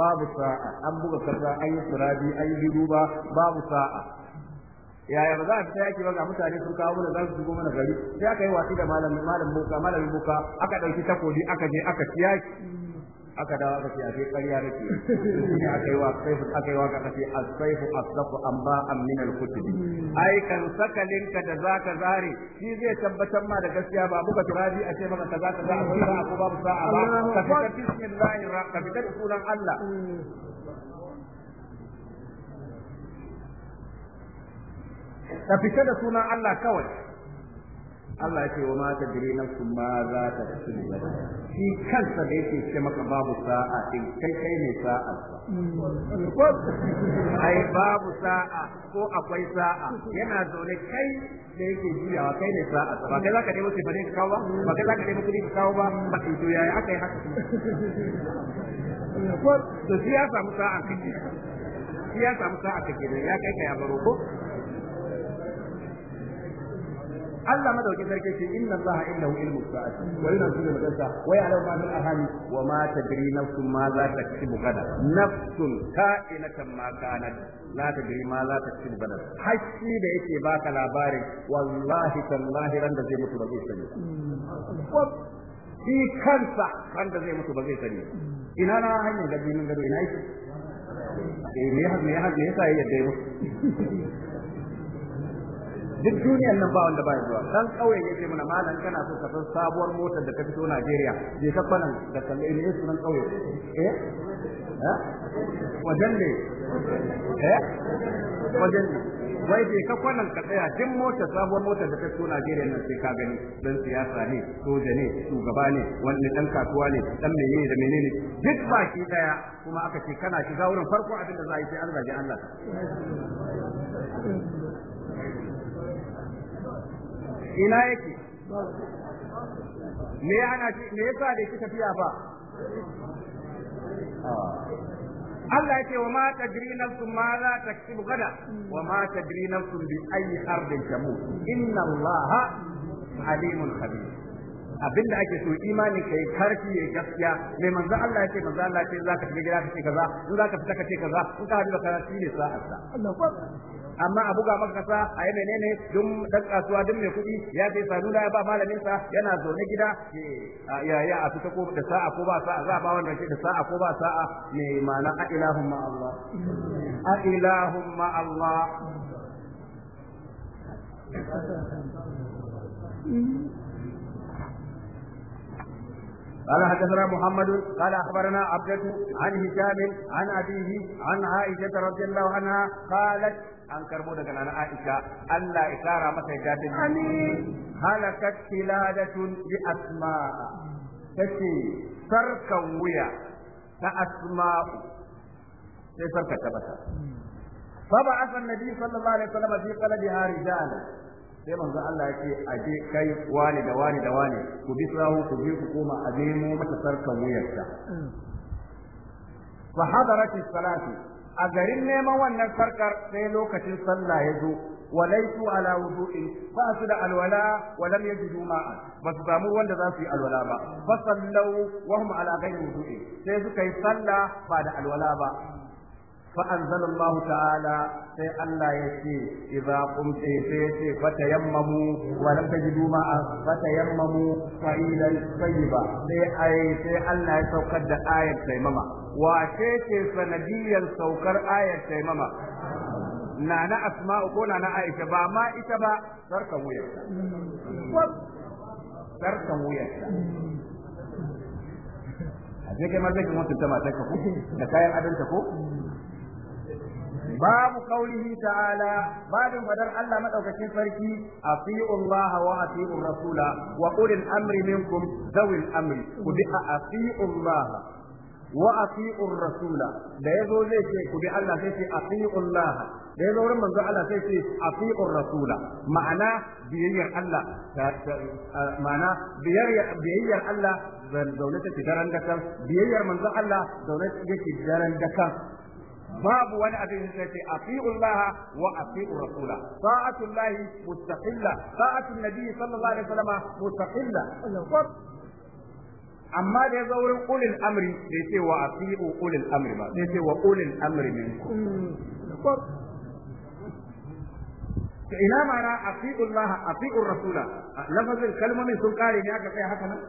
babu sa'a an buga kaza an yi surabi an yi duba babu sa'a yaya ba za a fita yaki ba ga mutane sun kawo mana za su shigo mana gari sai aka yi watsi da malamin malamin buka malamin buka aka dauki takodi aka je aka yaki aka dawo aka ce a sai ƙarya nake ne aka yi wa saifu aka yi wa aka ce as-saifu asdaqu an ba'an min al-kutub ai kan sakalinka da zaka zare shi zai tabbatar ma da gaskiya ba buga turabi a ce maka kaza kaza a sa'a ko babu sa'a ba ka fita bismillahir rahmanir ka fita sunan Allah ka fita da sunan Allah kawai Allah ya ce wa ma ta dire nan kuma za ta ba. shi kansa da yake ce maka babu sa'a din kai kai ne sa'a ai babu sa'a ko akwai sa'a yana zaune kai da yake juyawa kai ne sa'a ba kai zaka nemo sifane ka kawo ba ba kai zaka nemo kudi ka kawo ba ba kai to yaya aka yi haka to shi ya samu sa'a kake shi ya samu sa'a kake ya kai ka ya baro ko Allah madauki sarki ce inna Allah indahu ilmu sa'ati wa da madansa wa ya'lamu ma fil ahli wa ma tadri nafsun ma za ta kasibu gada nafsun ka'inatan ma kanat la tadri ma za ta kasibu gada hakki da yake baka labarin wallahi tallahi ran da zai mutu ba zai sani shi kansa ran da zai mutu ba zai sani ina na hanyar gajinin gado ina yake eh, me ya me ya me yasa ya yadda duk duniyar nan ba wanda ba zuwa dan kauye yake muna malam kana so ka san sabuwar motar da ka fito Najeriya je ka fara da kalle ne sunan kauye eh eh wajen ne eh wajen ne wai bai ka kwanan ka tsaya din motar sabuwar motar da ta fito Najeriya nan sai ka gani dan siyasa ne soja ne shugaba ne wanda dan kasuwa ne dan menene da menene duk baki daya kuma aka ce kana shiga wurin farko abin da za a yi sai an zagi Allah ina yake me ya shi me yasa da kika tafiya fa Allah yake wa ma tadri nafsun ma za ta kibu gada wa ma tadri nafsun bi ayi ardin jamu, inna Allah alimun khabir abinda ake so imani kai karfi ya gaskiya mai manzo Allah yake manzo Allah yake zaka tafi gida kace kaza in zaka fita kace kaza in ka hadu da kaza sa'a Allah ko amma a buga maka kasa a yi menene duk dan kasuwa duk mai kuɗi ya sai sanula ya ba malamin sa yana zaune gida ya ya a fita ko da sa'a ko ba sa'a za a ba wannan da sa'a ko ba sa'a me ma'ana a ilahun ma Allah a ilahun ma Allah قال حدثنا محمد قال اخبرنا عبدة عن هشام عن ابيه عن عائشة رضي الله عنها قالت an karbo daga nana Aisha Allah ya kara masa yadda ta amin halakat kiladatun bi asma'a tace sarkan wuya ta asma'u sai sarka ta bata baba asan nabi sallallahu alaihi wasallam في qalbi harijan sai manzo Allah yake aje kai wani da wani da wani ku bi sahu ku bi ku koma a nemo mata sarkan wuyarta mm. fa hadarat salati a garin neman wannan sarkar sai lokacin sallah ya zo walaitu ala wudu'in ba su da alwala wa lam yajidu ma'a ba su samu wanda za su yi alwala ba fa sallau wa hum ala ghayri wudu'in sai suka yi sallah ba da alwala ba فأنزل الله تعالى sai Allah ya ce idza qumtum fa yace fatayammamu wa lam tajidu ma fatayammamu sa'idan tayyiba sai ai sai Allah ya saukar da ayat taimama wa ce ce saukar ayat taimama nana asma'u ko nana aisha ba ma ita ba sarkan wuyarta sarkan wuyarta a je kai ma zai kan mutunta matarka ko da kayan adanta ko babu qaulihi ta'ala babin fadar Allah madaukakin sarki atiu Allah wa atiu rasula wa ulil amri minkum zawil amri ku bi atiu Allah wa atiu rasula da yazo zai ce ku bi Allah sai ce atiu Allah da yazo wurin manzo Allah sai ce atiu rasula ma'ana biyayyar Allah ma'ana biyayyar Allah zaune take daren dakan biyayyar manzo Allah zaune take daren dakan babu wani abin da ce Allah wa afi'ur rasula sa'atullah mustaqilla sa'atun nabi sallallahu alaihi wasallam mustaqilla amma da ya zo ulil amri sai sai wa afi'u ulil amri ba sai sai wa ulil amri minkum ina ma'ana Allah, afi'ur rasula lafazin kalmomin sun kare ne aka kai haka nan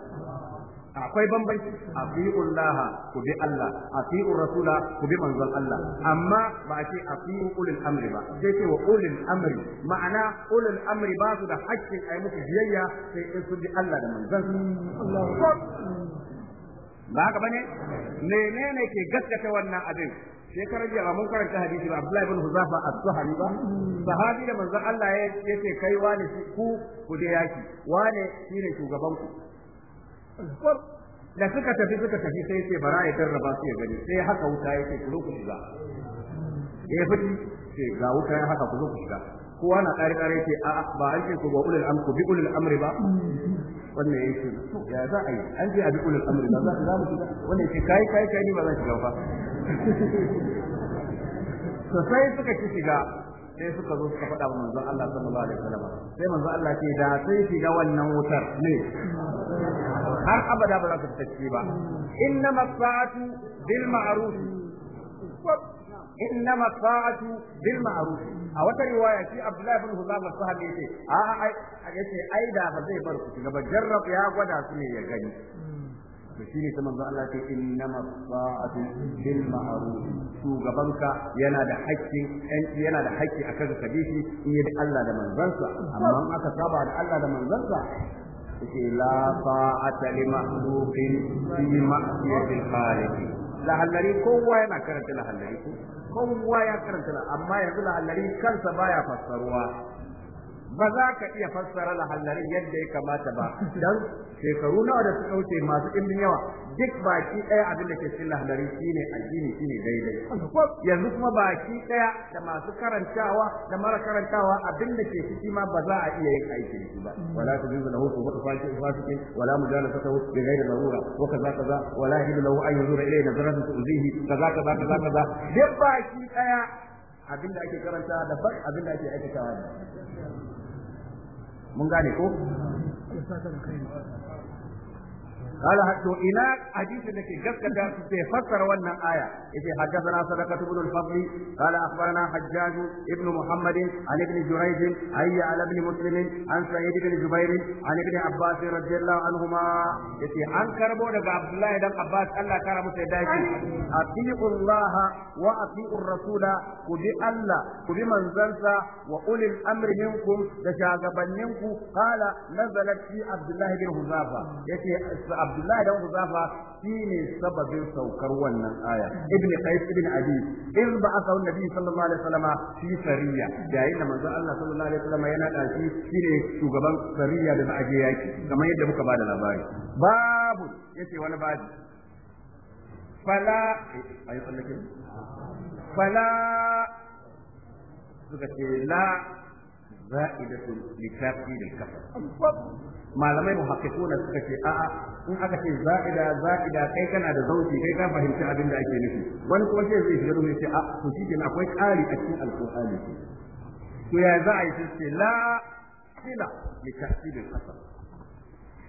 akwai bambanci ati'ul Allah, ku bi Allah ati'ur rasula ku bi manzon Allah amma ba a ce ati'u ulul amri ba sai ce wa ulul amri ma'ana ulul amri ba su da haƙƙin yi musu biyayya sai in su bi Allah da manzon ba haka bane menene ke gaskata wannan abin shekarar jiya mun karanta hadisi ba Abdullahi ibn Huzafa as sahabi ba sahabi da manzon Allah ya ce kai wani ku ku da yaki wane shine shugaban ku da suka tafi suka tafi sai ce bara ya tarraba su ya gani sai haka wuta ya ce kuro ku shiga ya fiti ce ga wuta ya haka kuro ku shiga kowa na ƙari ƙari ce a ba an ce ku ba ulul amku bi ulul amri ba wannan ya ce ya za a yi an ce a bi ulul amri ba za mu shiga wannan ya ce kai kai kai ni ba zan shiga ba to sai suka ci shiga sai suka zo suka faɗa wa manzon Allah sallallahu alaihi wasallam sai manzon Allah ce da sai shiga wannan wutar ne har abada ba za su fitacce ba innama sa'atu bil ma'ruf innama sa'atu bil ma'ruf a wata riwaya shi Abdullahi bin Huzama sahabi yace a a yace ai da ba zai bar ku gaba jarrab ya gwada su ne ya gani to shine sai manzo Allah ce innama sa'atu bil ma'ruf shugabanka yana da haƙƙi yana da haƙƙi akan ka in yi Allah da manzansa amma in aka saba da Allah da manzansa suke la mahdufin fi ma'siyatil khaliq kowa yana karanta lahallari kowa ya karanta amma yanzu lahallari kansa baya fassaruwa ba za ka iya fassara lahallarin yadda ya kamata ba dan shekaru nawa da su wuce masu ɗimbin yawa duk baki ɗaya abin da ke cikin lahallari shine addini shine daidai yanzu kuma baki ɗaya da masu karantawa da mara karantawa abin da ke ciki ma ba za a iya yin aiki da shi ba wala tujizu lahu suhbatu fasiqin wala wuce. bi da darura wa kaza kaza wala hidu lahu an yuzura ilayhi nazaratan tu'zihi kaza kaza kaza kaza duk baki ɗaya abinda ake karanta da abinda ake aikatawa ne mun gane ko قال حتى إلى حديث لك جسد فسر ونا آية إذا حدثنا صدقة بن الفضل قال أخبرنا حجاج ابن محمد عن ابن جريج أي على ابن مسلم عن سعيد بن جبير عن ابن عباس رضي الله عنهما إذا عن كربو عبد الله بن عباس الله كرم سيدايك أطيعوا الله وأطيعوا الرسول كبي الله كبي من زنسى وأولي الأمر منكم لشاغبنكم قال نزلت في عبد الله بن حذافة يتي abdullahi dan huzafa shine sababin saukar wannan aya ibn qais ibn abi iz ba'atha Nabi sallallahu alaihi wasallam fi sariya yayin da manzo Allah sallallahu alaihi wasallam yana shi shine shugaban sariya da za yaki kamar yadda muka bada labari babu yace wani babu fala ayi sallake fala suka ce la za'idatu li kafi da kafa malamai muhaqqiquna suka ce a'a in aka ce za'ida za'ida kai kana da zauki kai ka fahimci abin da ake nufi wani kuma sai zai shiga domin ce a to shi akwai ƙari a cikin alƙur'ani to ya za a yi sai ce la sila li tahsilil asal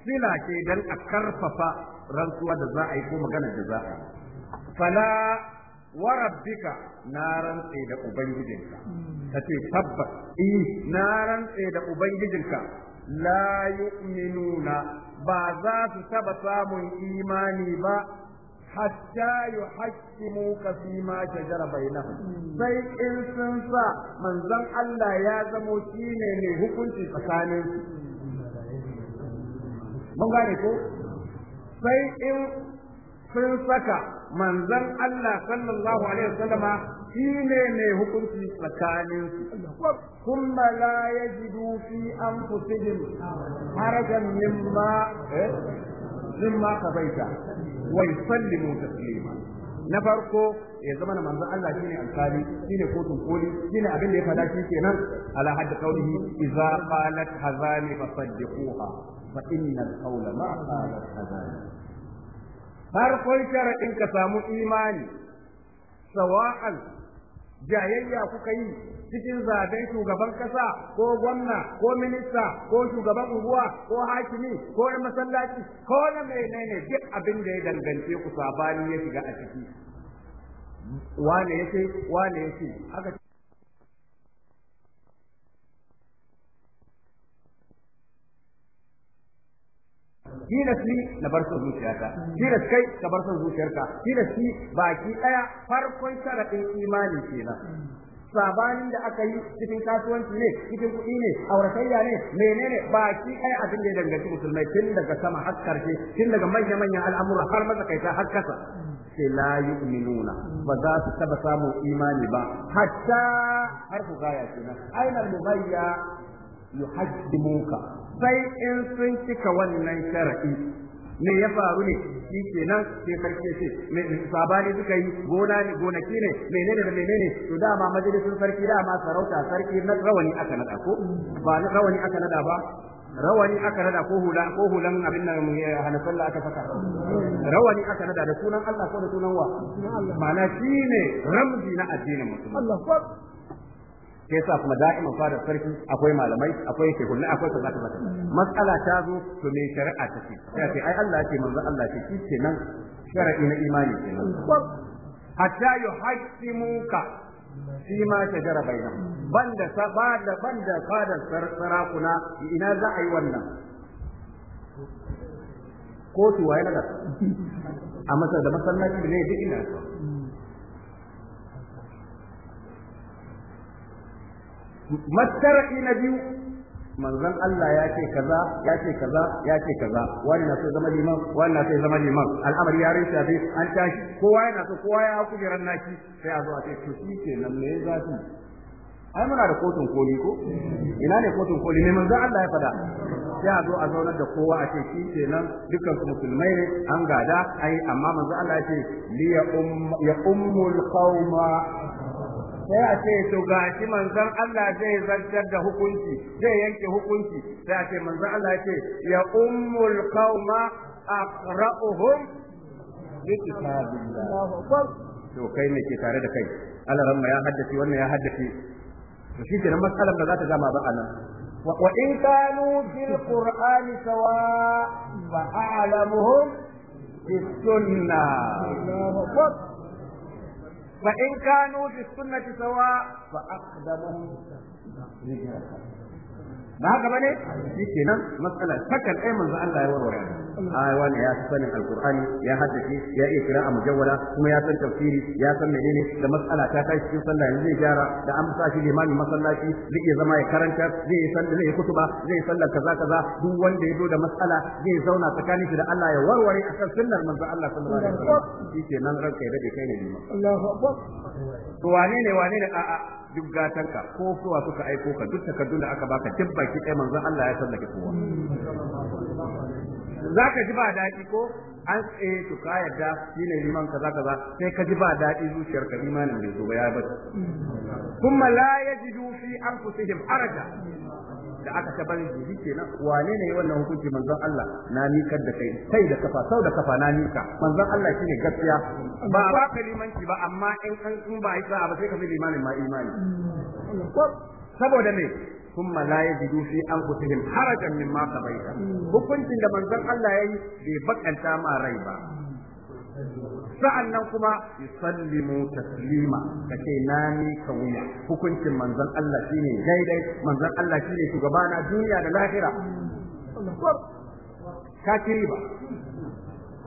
sila ce dan a karfafa rantsuwa da za a yi ko magana da za a yi fala wa rabbika na rantse da ubangijinka kace tabbas eh na rantse da ubangijinka la nuna ba za su taɓa samun imani ba hatta yuhaqqimuka fi ma shajara bainahum sai in sun sa manzon Allah ya zamo shine ne hukunci tsakanin mun gane ko sai in sun saka manzon Allah sallallahu alaihi wasallama shine ne hukunci tsakanin ثم لا يجدوا في أنفسهم حرجا مما مما قضيت ويسلموا تسليما na farko ya zama na manzon Allah shine alkali shine kotun koli shine abin da ya fada shi kenan ala hadda qawlihi idza qalat hazani fasaddiquha fa inna al-qawla ma qalat hazani farkon sharadin ka samu imani sawa'an jayayya kuka yi cikin zaben shugaban kasa ko gwamna ko minista ko shugaban unguwa ko hakimi ko yan masallaci ko na menene duk abin da ya dangance ku sabani ya shiga a ciki wane yake wane yake haka tilas ni na bar son zuciyarka tilas kai ka bar son zuciyarka tilas ni baki ɗaya farkon sharadin imani kenan sabanin da aka yi cikin kasuwanci ne cikin kuɗi ne auratayya ne menene shi kai abin da ya danganci musulmai tun daga sama har karshe tun daga manya manyan al'amura har mazakaita har kasa sai la yu'minuna ba za su taba samun imani ba hatta har ku gaya kenan aina mubayya yuhaddimuka sai in sun cika wannan shar'i me ya faru ne shi nan ke sarki ce me sabani suka yi gona ne gonaki ne menene da menene to dama majalisun sarki dama sarauta sarki na rawani aka nada ko ba na rawani aka nada ba rawani aka nada ko hula ko hulan abin nan eh, hana sallah aka saka rawani aka nada da sunan Allah ko da sunan wa ma'ana shine ramzi na addinin musulmi Ke sa kuma da'iman fadar sarki akwai malamai akwai shehunni akwai kaza kaza mas'ala ta zo to me shari'a ta ce sai ce ai Allah ce manzo Allah ce shi nan shar'i na imani nan.' hatta yuhaqqimuka shi ma tajara bainahum banda sabada banda fadar sarakuna ina za a yi wannan kotu waye na a masar da masallaci ne duk ina mashar'i na biyu manzon Allah ya ce kaza ya ce kaza ya ce kaza wani na so zama liman wani na so zama liman al'amari ya rinsa bi an tashi kowa yana so kowa ya haku jiran naki sai a zo a ce to shi nan me za ki ai muna da kotun koli ko ina ne kotun koli ne manzon Allah ya fada sai a zo a zaunar da kowa a ce shi nan dukkan su musulmai ne an gada ai amma manzon Allah ya ce li ya ummul qauma sai a ce to ga shi manzon Allah zai zartar da hukunci zai yanke hukunci sai a ce manzon Allah ce ya ummul qauma aqra'uhum bi kitabillah to kai ne ke tare da kai Allah ramma ya haddace wannan ya haddace to shi kenan matsalar ba za ta zama ba anan وإن كانوا في القرآن سواء فأعلمهم في السنة الله أكبر فإن كانوا في السنة سواء فأقدمهم رجالا ba haka bane shike nan matsala takan ai manzo Allah ya warware ai wani ya sanin alqur'ani ya haddace ya iya kira a mujawwala kuma ya san tafsiri ya san menene da matsala ta kai cikin sallah yanzu zai gyara da an sa shi limamin masallaci zai iya zama ya karanta zai yi sallah zai kutuba zai sallar kaza kaza duk wanda ya zo da matsala zai zauna tsakanin shi da Allah ya warware akan sunnar manzo Allah sallallahu alaihi wasallam shike nan ranka ya dade kai ne liman Allahu akbar to wane ne wane ne a'a duk gatanka ko kowa suka aiko ka duk takardun da aka baka duk baki ɗaya manzon Allah ya sallake kowa zaka ji ba daɗi ko an tsaye eh, to ka yarda shine liman kaza kaza sai ka ji ba daɗi zuciyar ka imanin bai zo ba ya bata kuma la yajidu fi anfusihim haraja da aka da jiji kenan wane ne wannan hukunci manzon Allah na nikar da kai sai da kafa sau da kafa na nika manzon Allah shine gaskiya ba ba ka limanci ba amma in an kun ba isa ba sai ka bi limanin ma imani saboda me ثم لا يجدوا في انفسهم حرجا مما قضيت hukuncin da manzon Allah yayi bai bakanta ma rai ba nan kuma mu taslima kace na ni ka wuya hukuncin manzan Allah shi ne daidai manzan Allah shine shugaba na duniya da lahira ka ba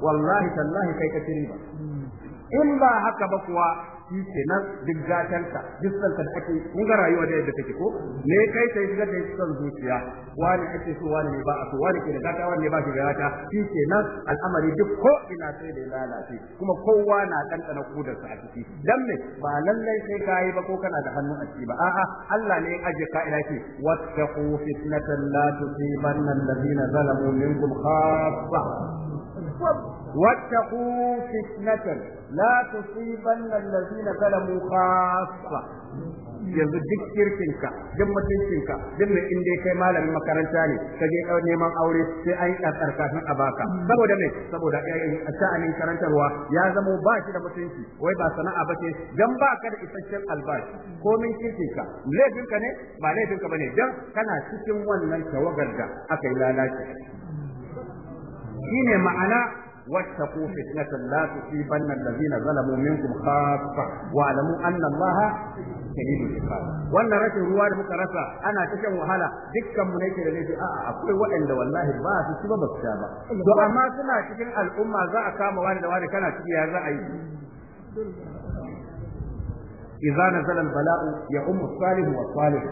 wallahi tallahi kai ka ba in ba haka ba kuwa shi kenan duk gatanka duk sanka da ake mun ga rayuwa da yadda take ko ne kai sai shiga da son zuciya wani ake so wani ne ba a so wani ke da gata wani ne ba shi da gata shi nan al'amari duk ko ina sai da lalace kuma kowa na kankana kudarsa a ciki dan me ba lallai sai kai ba ko kana da hannu a ciki ba a'a Allah ne ya aje ina ce wattaqu fitnatan la tusibanna alladhina zalamu minkum khaffa واتقوا فتنة لا تصيبن الذين ظلموا خاصة yanzu duk kirkinka duk mutuncinka duk mai inda kai malamin makaranta ne ka je neman aure sai an yi kasar kafin a baka saboda me saboda sha'anin karantarwa ya zama ba shi da mutunci wai ba sana'a ba ce dan ba ka da isasshen albashi komin kirkinka laifinka ne ba laifinka bane dan kana cikin wannan tawagar da aka yi lalace shine ma'ana wattaqu fitnatan la tusibanna alladhina zalamu minkum khaffa wa alamu anna allaha shadidul iqab wannan rashin ruwa da muka rasa ana cikin wahala dukkan mu ne ke da laifi a'a akwai waɗanda wallahi ba su ci ba ba su ba to amma suna cikin al'umma za a kama wani da wani kana ciki ya za a yi إذا نزل البلاء يقوم الصالح والصالح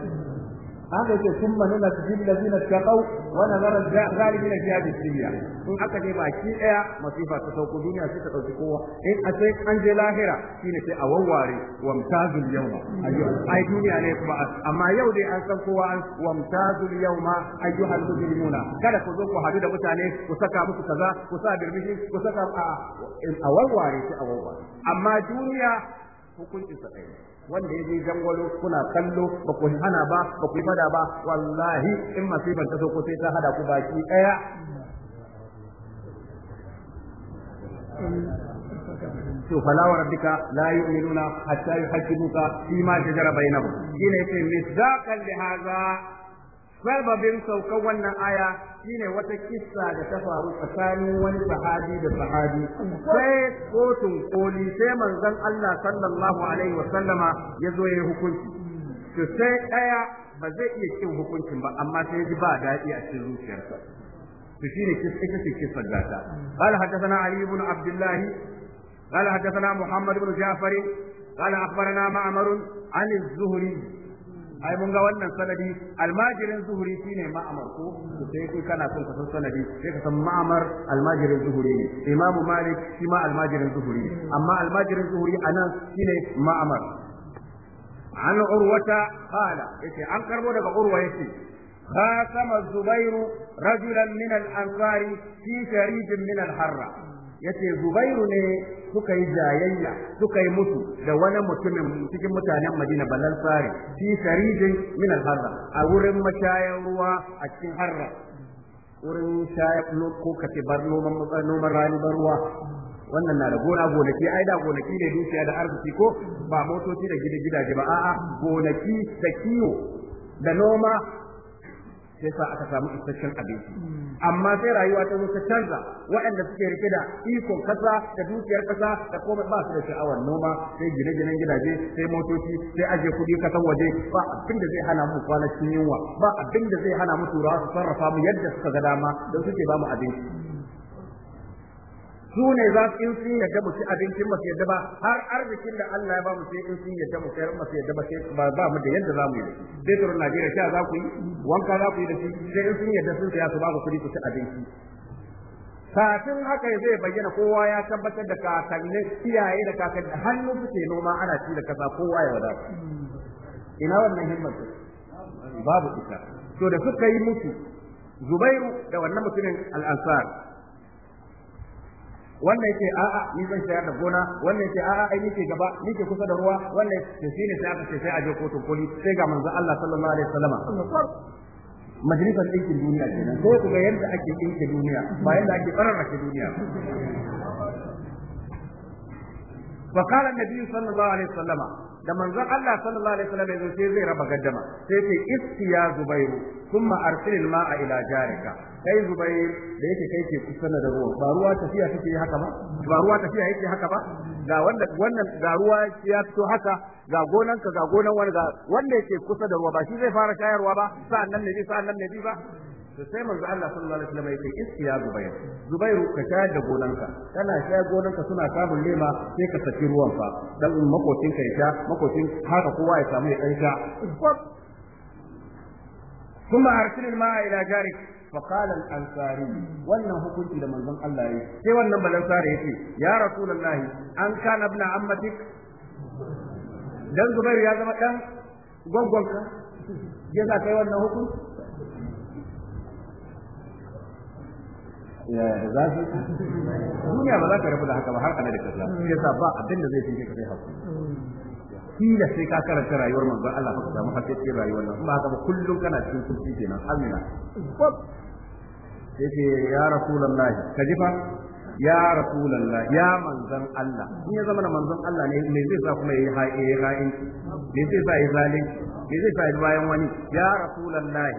haka yake sun manu na cikin da zina shakau wani mara galibi na fiya bisiriya sun aka je baki ɗaya masifa ta sauko duniya sai ta ɗauki kowa in a sai an je lahira shi ne sai a wawware wamtazul yawma ai duniya ne kuma amma yau dai an san kowa an wamtazul yawma ayyuhal mujrimuna kada ku zo ku hadu da mutane ku saka musu kaza ku sa birbishi ku saka a wawware sai a wawware amma duniya hukuncin sa ne. wanda ya je jangwalo kuna kallo ba ku hana ba ba ku fada ba wallahi in masifar ta ko sai ta hada ku baki daya to falawar wa rabbika la yu'minuna hatta yuhaqqimuka fi ma shajara bainahum shine yake misdaqan li hadha sababin saukar wannan aya shine wata kissa da ta faru tsakanin wani sahabi da sahabi sai kotun koli sai manzon Allah sallallahu alaihi wasallama ya zo ya hukunci to sai daya ba zai iya cin hukuncin ba amma sai ji ba daɗi a cikin zuciyarsa to shine kissa ce kissa gata قال حدثنا علي بن عبد الله قال حدثنا محمد بن قال اخبرنا معمر عن الزهري ai mun ga wannan sanadi almajirin zuhuri shine ma'amar ko sai kai kana son ka san sanadi sai ka san ma'amar almajirin zuhuri ne imamu malik shi ma almajirin zuhuri ne amma almajirin zuhuri anan shine ma'amar an urwata qala yace an karbo daga urwa yace خاصم Zubairu رجلا من الأنصار في شريد من harra. yace Zubairu ne suka yi jayayya suka yi mutu da wani mutumin cikin mutanen Madina balal fari fi sarijin min al-harra a wurin mashayan ruwa a cikin harra wurin shayar ko kace bar noman rani bar ruwa wannan na da gona gonaki ai da gonaki ne dukiya da arziki ko ba motoci da gidaje ba a'a gonaki da kiwo da noma sai sa aka samu isasshen abinci amma sai rayuwa ta zo ta canza waɗanda suke rike da ikon kasa da dukiyar kasa da kuma ba su da sha'awar noma sai gine-ginen gidaje sai motoci sai aje kuɗi kasan waje ba abin da zai hana mu kwanakin yunwa ba abin da zai hana mu turawa su sarrafa mu yadda suka ga dama don suke ba mu abinci su ne za su in sun yadda mu ci abincin masu yadda ba har arzikin da Allah ya ba mu sai in sun yadda mu sayar masu yadda ba sai ba mu da yadda za mu yi Betur Najeriya sha za ku yi wanka za ku yi da shi sai in sun yadda sun saya su ba ku kuɗi ku ci abinci kafin haka zai bayyana kowa ya tabbatar da kakanni iyaye da kakanni hannu suke noma ana ci da kasa kowa ya wadata ina wannan himmar babu ita to da suka yi mutu zubairu da wannan mutumin al'ansar wannan yake a'a ni zan shayar da gona wannan yake a'a ai nike gaba nike kusa da ruwa wannan to shine sai aka ce sai a je kotun koli sai ga manzon Allah sallallahu alaihi wasallam majalisar ɗinkin duniya kenan sai ku ga yadda ake ɗinke duniya ba yadda ake ake duniya فقال النبي صلى الله عليه وسلم da manzon Allah sallallahu alaihi wasallam yazo sai zai raba gaddama sai ce istiya zubair kuma arsil ma'a ila jarika kai zubair da yake kai ke kusa da ruwa ba ruwa tafiya take haka ba ba ruwa tafiya yake haka ba ga wanda wannan ga ruwa ya fito haka ga gonanka ga gonan wani ga wanda yake kusa da ruwa ba shi zai fara shayarwa ba sa'annan ne bi sa'annan ne bi ba da sai manzo Allah sallallahu alaihi wasallam yake iskiya Zubair Zubairu ka ta da gonanka kana shayar gonanka suna samun lema sai ka saki ruwan fa dan makocin ka ya sha makocin haka kowa ya samu ya dan sha ثم أرسل الماء إلى جارك فقال الأنصاري وأن حكمت لمن ظن الله سي وأن الأنصاري يا رسول الله أن كان ابن عمتك دان زبير يا زمان دان غوغوكا يزا كاي wannan hukunci yaya da duniya ba za ka rabu da haka ba har ana da kaza shi yasa ba abin da zai fi ka sai hakuri kila sai ka karanta rayuwar manzon Allah ka samu hakkin rayuwar nan ba haka ba kullum kana cikin kunci kenan amina yake ya rasulullahi ka ji fa ya rasulullahi ya manzon Allah in ya zama na manzon Allah ne me zai sa kuma yayi ha'i ra'in me zai sa yayi zalin me zai sa yayi bayan wani ya rasulullahi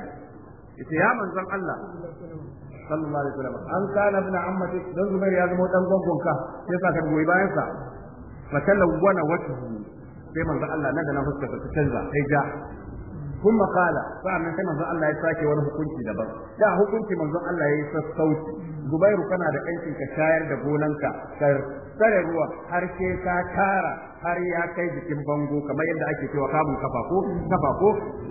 yace ya manzon Allah sallallahu alaihi wasallam an kana ibn ammati dan zubair ya zama dan gongonka sai sa ka goyi bayan sa fa talawwana wajhu sai manzo Allah nan da nan fuskar ta canza sai ja ثم قال فأنا كما زال الله يساكي وانا حكمتي دبا دا حكمتي من زال الله يساكي زبير كان دا أنت كشاير دا da tsare ruwa har sai ka tara har ya kai jikin bango kamar yadda ake cewa kamun kafa ko kafa ko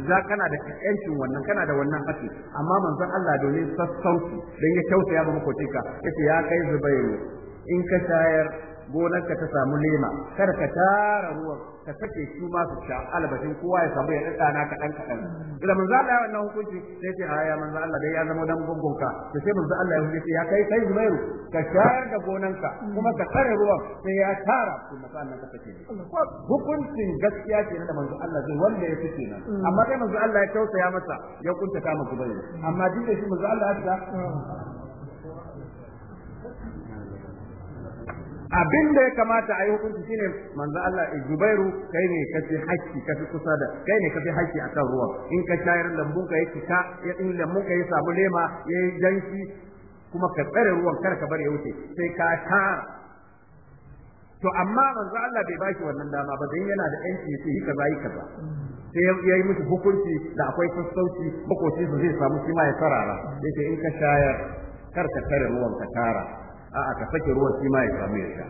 za kana da yancin wannan kana da wannan ake amma manzon Allah domin sassauci dan ya tausaya ba makocinka yace ya kai zubairu in ka shayar gonarka ta samu lema kar ka tara ruwan ka sake su ma su sha albatin kowa ya samu ya dana kaɗan kaɗan da za Allah wannan hukunci sai ce a ya manzo Allah dai ya zama dan gungunka to sai manzo Allah ya hukunci ya kai kai Zubairu ka shayar da gonanka kuma ka tsare ruwan sai ya tara su maka annan ka sake hukuncin gaskiya ke da manzo Allah zai wanda ya fice nan mm. amma sai manzo Allah ya tausaya masa ya kunta ta masa Zubairu amma duk da shi manzo Allah ya mm. abin da ya kamata a yi hukunci shine manzo Allah eh, Zubairu kai ne kafi haƙƙi kafi kusa da kai ne kafi haƙƙi akan ruwa in ka shayar lambun ka yake ka in lambun ka ya samu lema yi janki kuma ka tsare ruwan kar ka bar ya wuce sai ka ta to amma manzo Allah bai baki wannan dama ba dan yana da yanci sai yi kaza yi kaza sai yayi musu hukunci da akwai sassauci makoci zai samu shi ma ya sarara sai in ka shayar kar ka tare ruwan ka tara a'a ka sake ruwan shi ma ya samu ya sha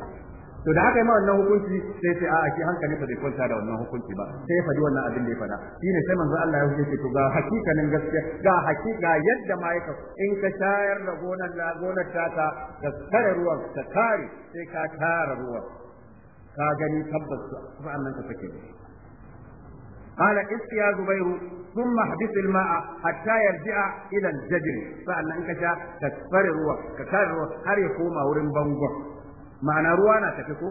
to da haka yi ma wannan hukunci sai sai a'a shi hankali ba zai kwanta da wannan hukunci ba sai ya faɗi wannan abin da ya faɗa ne sai manzo Allah ya hukunce to ga hakikanin gaskiya ga hakika yadda ma yake in ka shayar da gonar da gonar taka ka tare ruwan ka kare sai ka tara ruwan ka gani tabbas sa'annan ka sake قال اسقيا زبير ثم احبس الماء حتى يرجع الى الجدر فان كشا كسر الروح كسر الروح هل يقوم ورن بانغو ma'ana ruwa na tafi ko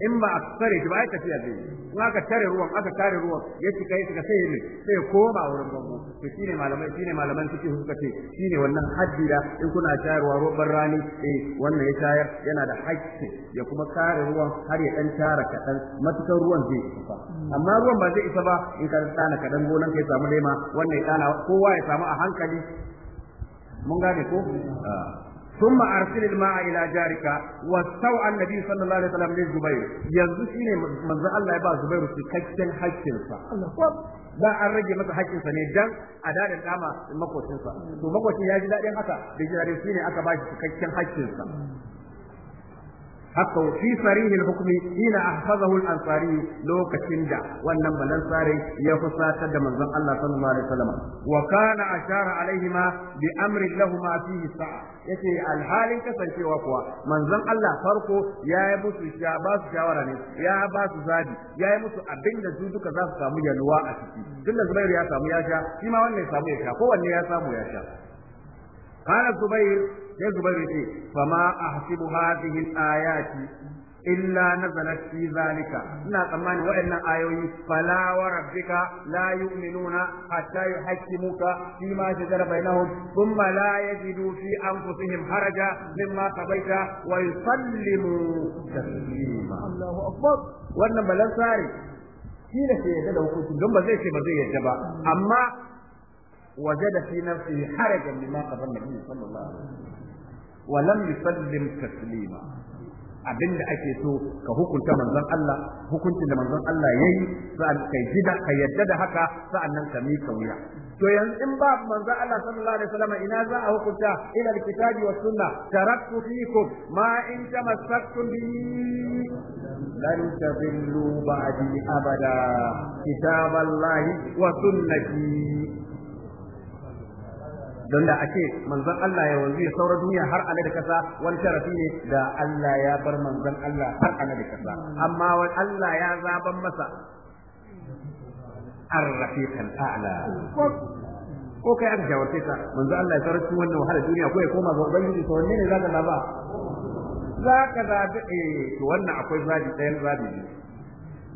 in ba a tsare shi ba ya tafiya zai yi in aka tare ruwan aka tare ruwan ya cika ya cika sai ya sai ya koma wurin bango to shine malamai shine malaman suke suka ce shine wannan haddi da in kuna shayarwa ruwan rani eh wannan ya shayar yana da haƙƙi ya kuma kare ruwan har ya dan tara kaɗan matukar ruwan zai isa amma ruwan ba zai isa ba in ka tsana kaɗan gonan ka ya samu lema wannan ya tsana kowa ya samu a hankali mun gane ko ah. ثم أرسل الماء إلى جارك واستوى النبي صلى الله عليه وسلم للزبير يزوشيني من ذا الله يبقى زبير في كتن حجنسا da an rage masa sa ne dan a dadin dama makocinsa to makocin ya ji daɗin haka da ji daɗin shine aka ba shi cikakken haƙƙinsa haka fi sarihi hukumi ina ahfazahu al-ansari lokacin da wannan balansare ya fusatar da manzon Allah sallallahu alaihi wasallam wa kana ashara alaihima bi amri lahumma fihi sa'a yace alhalin kasancewa kuwa manzon Allah farko ya yi musu ba su shawara ne ya ba su zabi ya yi musu abin da su duka za su samu yalwa a ciki da Zubairu ya samu ya sha shi ma wannan ya samu ya sha kowanne ya samu ya sha قال zubairu sai zubair ma a hasibu hadhihi ayati illa nazalat fi zalika ina tsammanin waɗannan ayoyi fala wa rabbika la yu'minuna hatta yuhaqqimuka fi ma shajara bainahum thumma la yajidu fi anfusihim haraja mimma qabaita wa yusallimu taslima Allahu akbar wannan balansari shi ne ke yadda da hukunci don ba zai ce ba zai yadda ba amma wajada fi nafsihi harajan mimma qabala Nabi sallallahu alaihi wasallam wa lam yusallim taslima abinda ake so ka hukunta manzon Allah hukuncin da manzon Allah yayi sa'an kai gida ka yadda da haka sa'annan ka mika wuya to yanzu in ba manzon Allah sallallahu alaihi wasallam ina za a hukunta ila alkitabi was sunna taraktu fikum ma in tamassaktum bi lan tadillu ba'di abada kitaballahi wa sunnati don da ake manzon Allah ya wanzu ya saura duniya har ana da kasa wani sharafi ne da Allah ya bar manzon Allah har ana da kasa amma wani Allah ya zaban masa الرفيق الأعلى ko kai an jawarce ta, manzan Allah ya sarrafa wannan wahala duniya ko ya koma ga ubangiji to wanne ne zaka zaba zaka zabi eh to wannan akwai zabi ɗayan zabi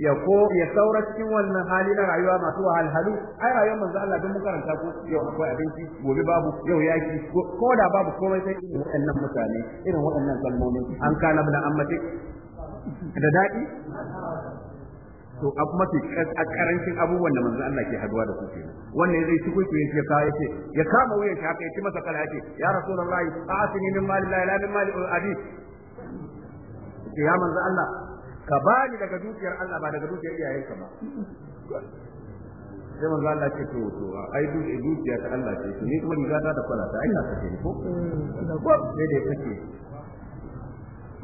ya ko ya saura cikin wannan hali na rayuwa masu wahalhalu ai rayuwar manzo Allah don karanta ko yau akwai abinci gobe babu yau yaki ko da babu komai sai irin waɗannan mutane irin waɗannan kalmomi an kana bin ammati da daɗi to abu mafi karancin abubuwan da manzo Allah ke haduwa da su ke wannan zai ci kuku yake ka yace ya kama wuyan shi haka yace masa kala yace ya rasulullahi a'tini min mali la ilaha min mali abi ya manzo Allah ka bani daga dukiyar Allah ba daga dukiyar iyayenka ba sai manzo Allah ce to to ai duk dukiya ta Allah ce ni kuma ni gata da fara ta aina ta ce ko sai dai kace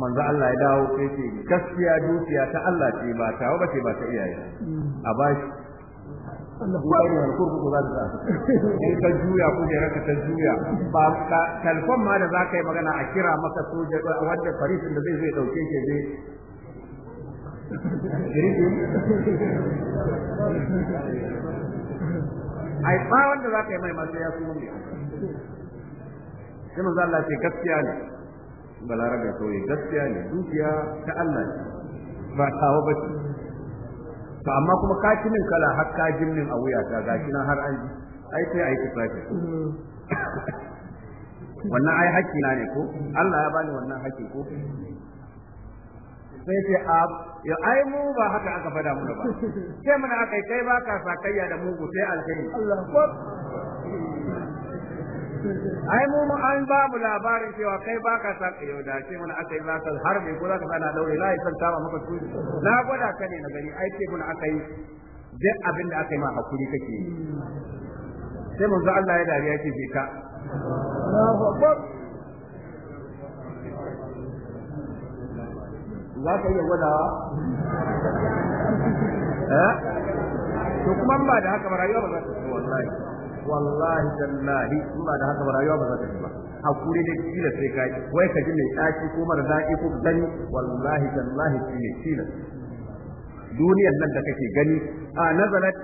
manzo Allah ya dawo sai ce gaskiya dukiya ta Allah ce ba ta ba ce ba ta iyaye a bashi in ka juya kujera ka ta juya ba telefon ma da za ka yi magana a kira maka soja wanda farisin da zai zai dauke ke zai ai ba wanda za ka yi mai masu ya su ne sai manzo Allah ce gaskiya ne balarabe kawai gaskiya ne dukiya ta Allah ne. ba tawa ba ce to amma kuma kacinin kala har kajin min a wuya ta gashi nan har an ji ai sai ai kisafi wannan ai haƙƙi na ne ko Allah ya bani wannan haƙƙi ko sai ce a ya ai mu ba haka aka fada mu ba sai muna aka yi kai baka sakayya da mugu sai alkhairi ai mu mu an babu labarin cewa kai baka sakayya da sai muna aka yi zaka harbe ko zaka da daure la yasan tama maka su na gwada ka ne na gani ai sai muna aka yi duk abin da aka yi ma hakuri kake hmm. sai mun manzo Allah ya dariya ce ka Allahu akbar za ka iya gwadawa eh? to kuma ba da haka ba rayuwa ba za ta ci wallahi wallahi tallahi in ba da haka ba rayuwa ba za ta ci ba hakuri ne tilas sai kai wai ka ji mai tsaki ko mara daɗi ko gani wallahi tallahi shi ne tilas duniyar nan da kake gani a dika nazalat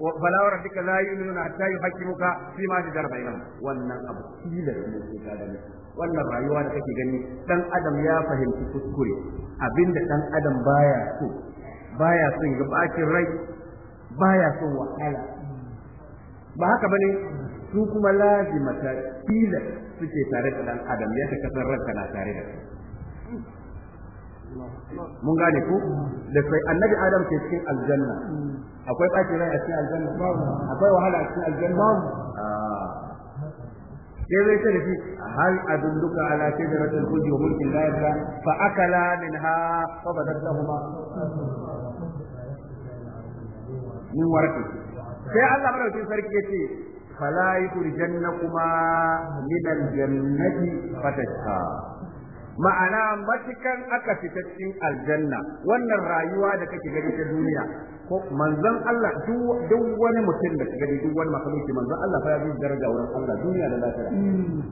فلا وربك لا يؤمنون حتى يحكموك Wannan abu بينهم وان ابو تيلس من wannan rayuwa da kake gani dan adam ya fahimci kuskure abinda dan adam baya so baya son ga bakin rai baya son wahala ba haka bane su kuma ta kila suke tare da dan adam ya san ranka na tare da mun gane ku da sai annabi adam ke cikin aljanna akwai bakin rai a cikin aljanna akwai wahala a cikin aljanna sai zai ce da shi hal adulluka ala shajaratil khuldi wa mulkin la yabla fa akala minha fa badat lahumma min warqi sai Allah madaukakin sarki yace fala yukhrijannakuma min al-jannati fatashqa ma'ana matukan aka fita cikin aljanna wannan rayuwa da kake gani ta duniya ko manzon Allah duk wani mutum da kaga duk wani makhluki manzon Allah fa ya bi daraja wurin Allah duniya da lafiya hmm.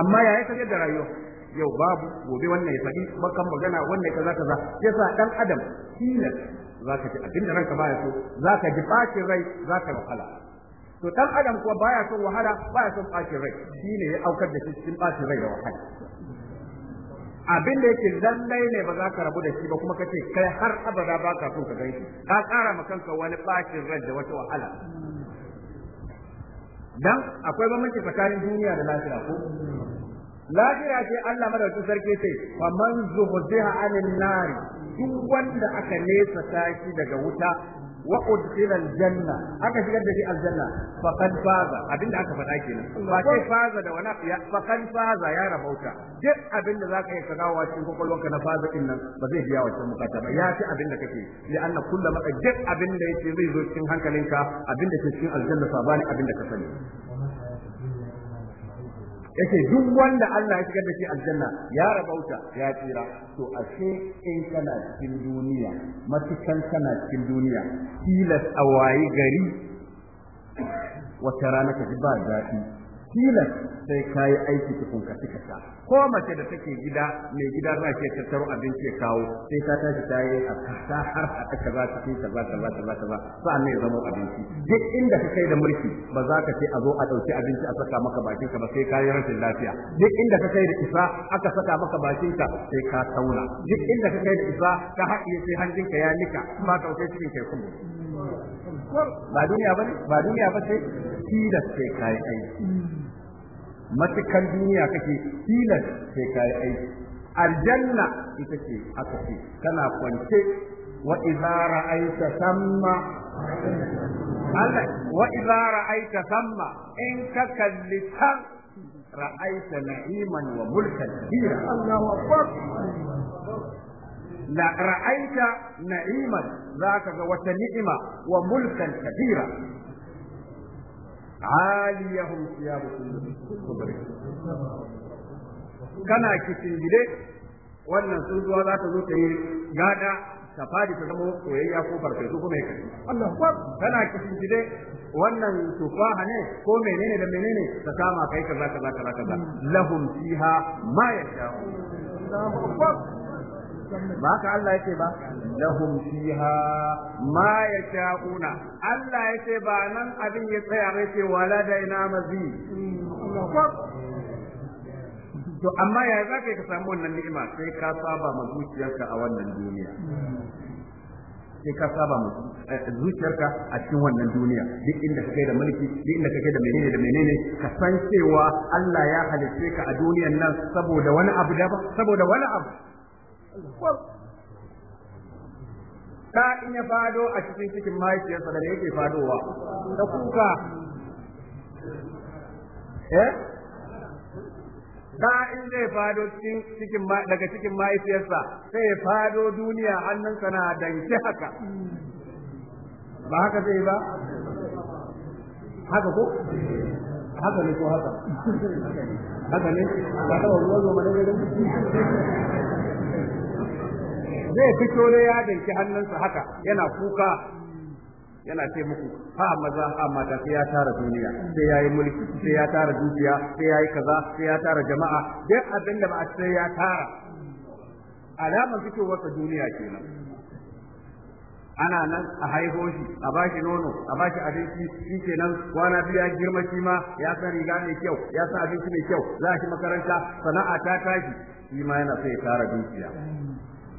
amma yaya kaje da rayuwa yau babu gobe wannan ya faɗi bakan magana wannan kaza kaza yasa dan adam tilas zaka ji abinda ranka baya so zaka ji bacin rai zaka wahala to dan adam kuwa baya son wahala baya son bacin rai shine ya aukar da shi cikin bacin rai da wahala abin da yake lallai ne ba za ka rabu da shi ba kuma kace kai har abada ba ka son ka gani ka kara ma kanka wani bacin rai da wata wahala dan akwai bambanci tsakanin duniya da lafiya ko lafiya ce Allah madaukakin sarki ce fa man zuhziha anil nar duk wanda aka nesa tashi daga wuta wa udkhila aljanna aka shigar da shi aljanna fa qad faza abinda aka faɗa kenan ba sai faza da wani ya fa qad faza ya rabauta duk abinda zaka yi ka gawa cikin kokolwanka na faza din nan ba zai biya wancan bukata ba ya ci abinda kake li anna kullama duk abinda yake zai zo cikin hankalinka abinda ke cikin aljanna sabani abinda ka sani yace duk wanda Allah ya shigar da shi aljanna ya rabauta ya tsira to ashe in kana cikin duniya matukan kana cikin duniya tilas a gari wata rana ka ji ba daɗi tilas sai ka yi aiki tukun ka ta ko mace da take gida mai gida za ke tattaro abinci ya kawo sai ta tashi ta yi a kasa har a ta kaza ta ta za ta za ta za ta za sa'an ne zama abinci duk inda ka kai da mulki ba za ka ce a zo a ɗauki abinci a saka maka bakin ka ba sai ka yi rashin lafiya duk inda ka kai da isa aka saka maka bakin ka sai ka tauna duk inda ka kai da isa ka haɗiye sai hanjin ka ya nika ba ka wuce cikin kai kuma ba duniya ba ba duniya ba sai tilas sai ka yi aiki matukan duniya kake tilas sai kai aiki aljanna ita ce aka ce kana kwance wa idza ra'aita samma Allah wa idza ra'aita samma in ka kalli san ra'aita na'iman wa mulkan kabira Allahu akbar la ra'aita na'iman zaka ga wata ni'ima wa mulkan kabira عاليهم ثياب خضر kana kicin gide wannan zuwa za ta zo ta yi gada ta fadi ta zama koyayya ko farfesu ko mai kai Allah kana kicin gide wannan tufaha ne ko menene da menene ta kama kai kaza kaza kaza kaza lahum fiha ma yasha'u Allahu akbar ba haka Allah yake ba lahum fiha ma yasha'una Allah yake ba nan abin ya tsaya mai ce wala da ina mazi to amma ya zaka ka samu wannan ni'ima sai ka saba ma zuciyarka a wannan duniya sai ka saba ma eh, zuciyarka a cikin wannan duniya duk inda ka kai da mulki duk inda ka kai da menene da menene ka san cewa Allah ya halice ka a duniyan nan saboda wani abu daban saboda wani abu da in ya fado a cikin cikin mahaifiyarsa da yake fadowa da kuka eh da in zai fado cikin daga cikin mahaifiyarsa sai ya fado duniya hannunsa na danke haka ba haka zai ba haka ko haka ne ko haka haka ne ba ta wani wani wani zai fito ne ya danki hannunsa haka yana kuka yana ce muku ha maza ha mata sai ya tara duniya sai ya yi mulki sai ya tara dukiya sai ya yi kaza sai ya tara jama'a duk abin da ba a sai ya tara alamar fitowarsa duniya kenan ana nan a haiho shi a bashi nono a bashi abinci shi kenan kwana biyu ya girma shi ma ya san riga mai kyau ya san abinci mai kyau za shi makaranta sana'a ta tashi shi ma yana so ya tara dukiya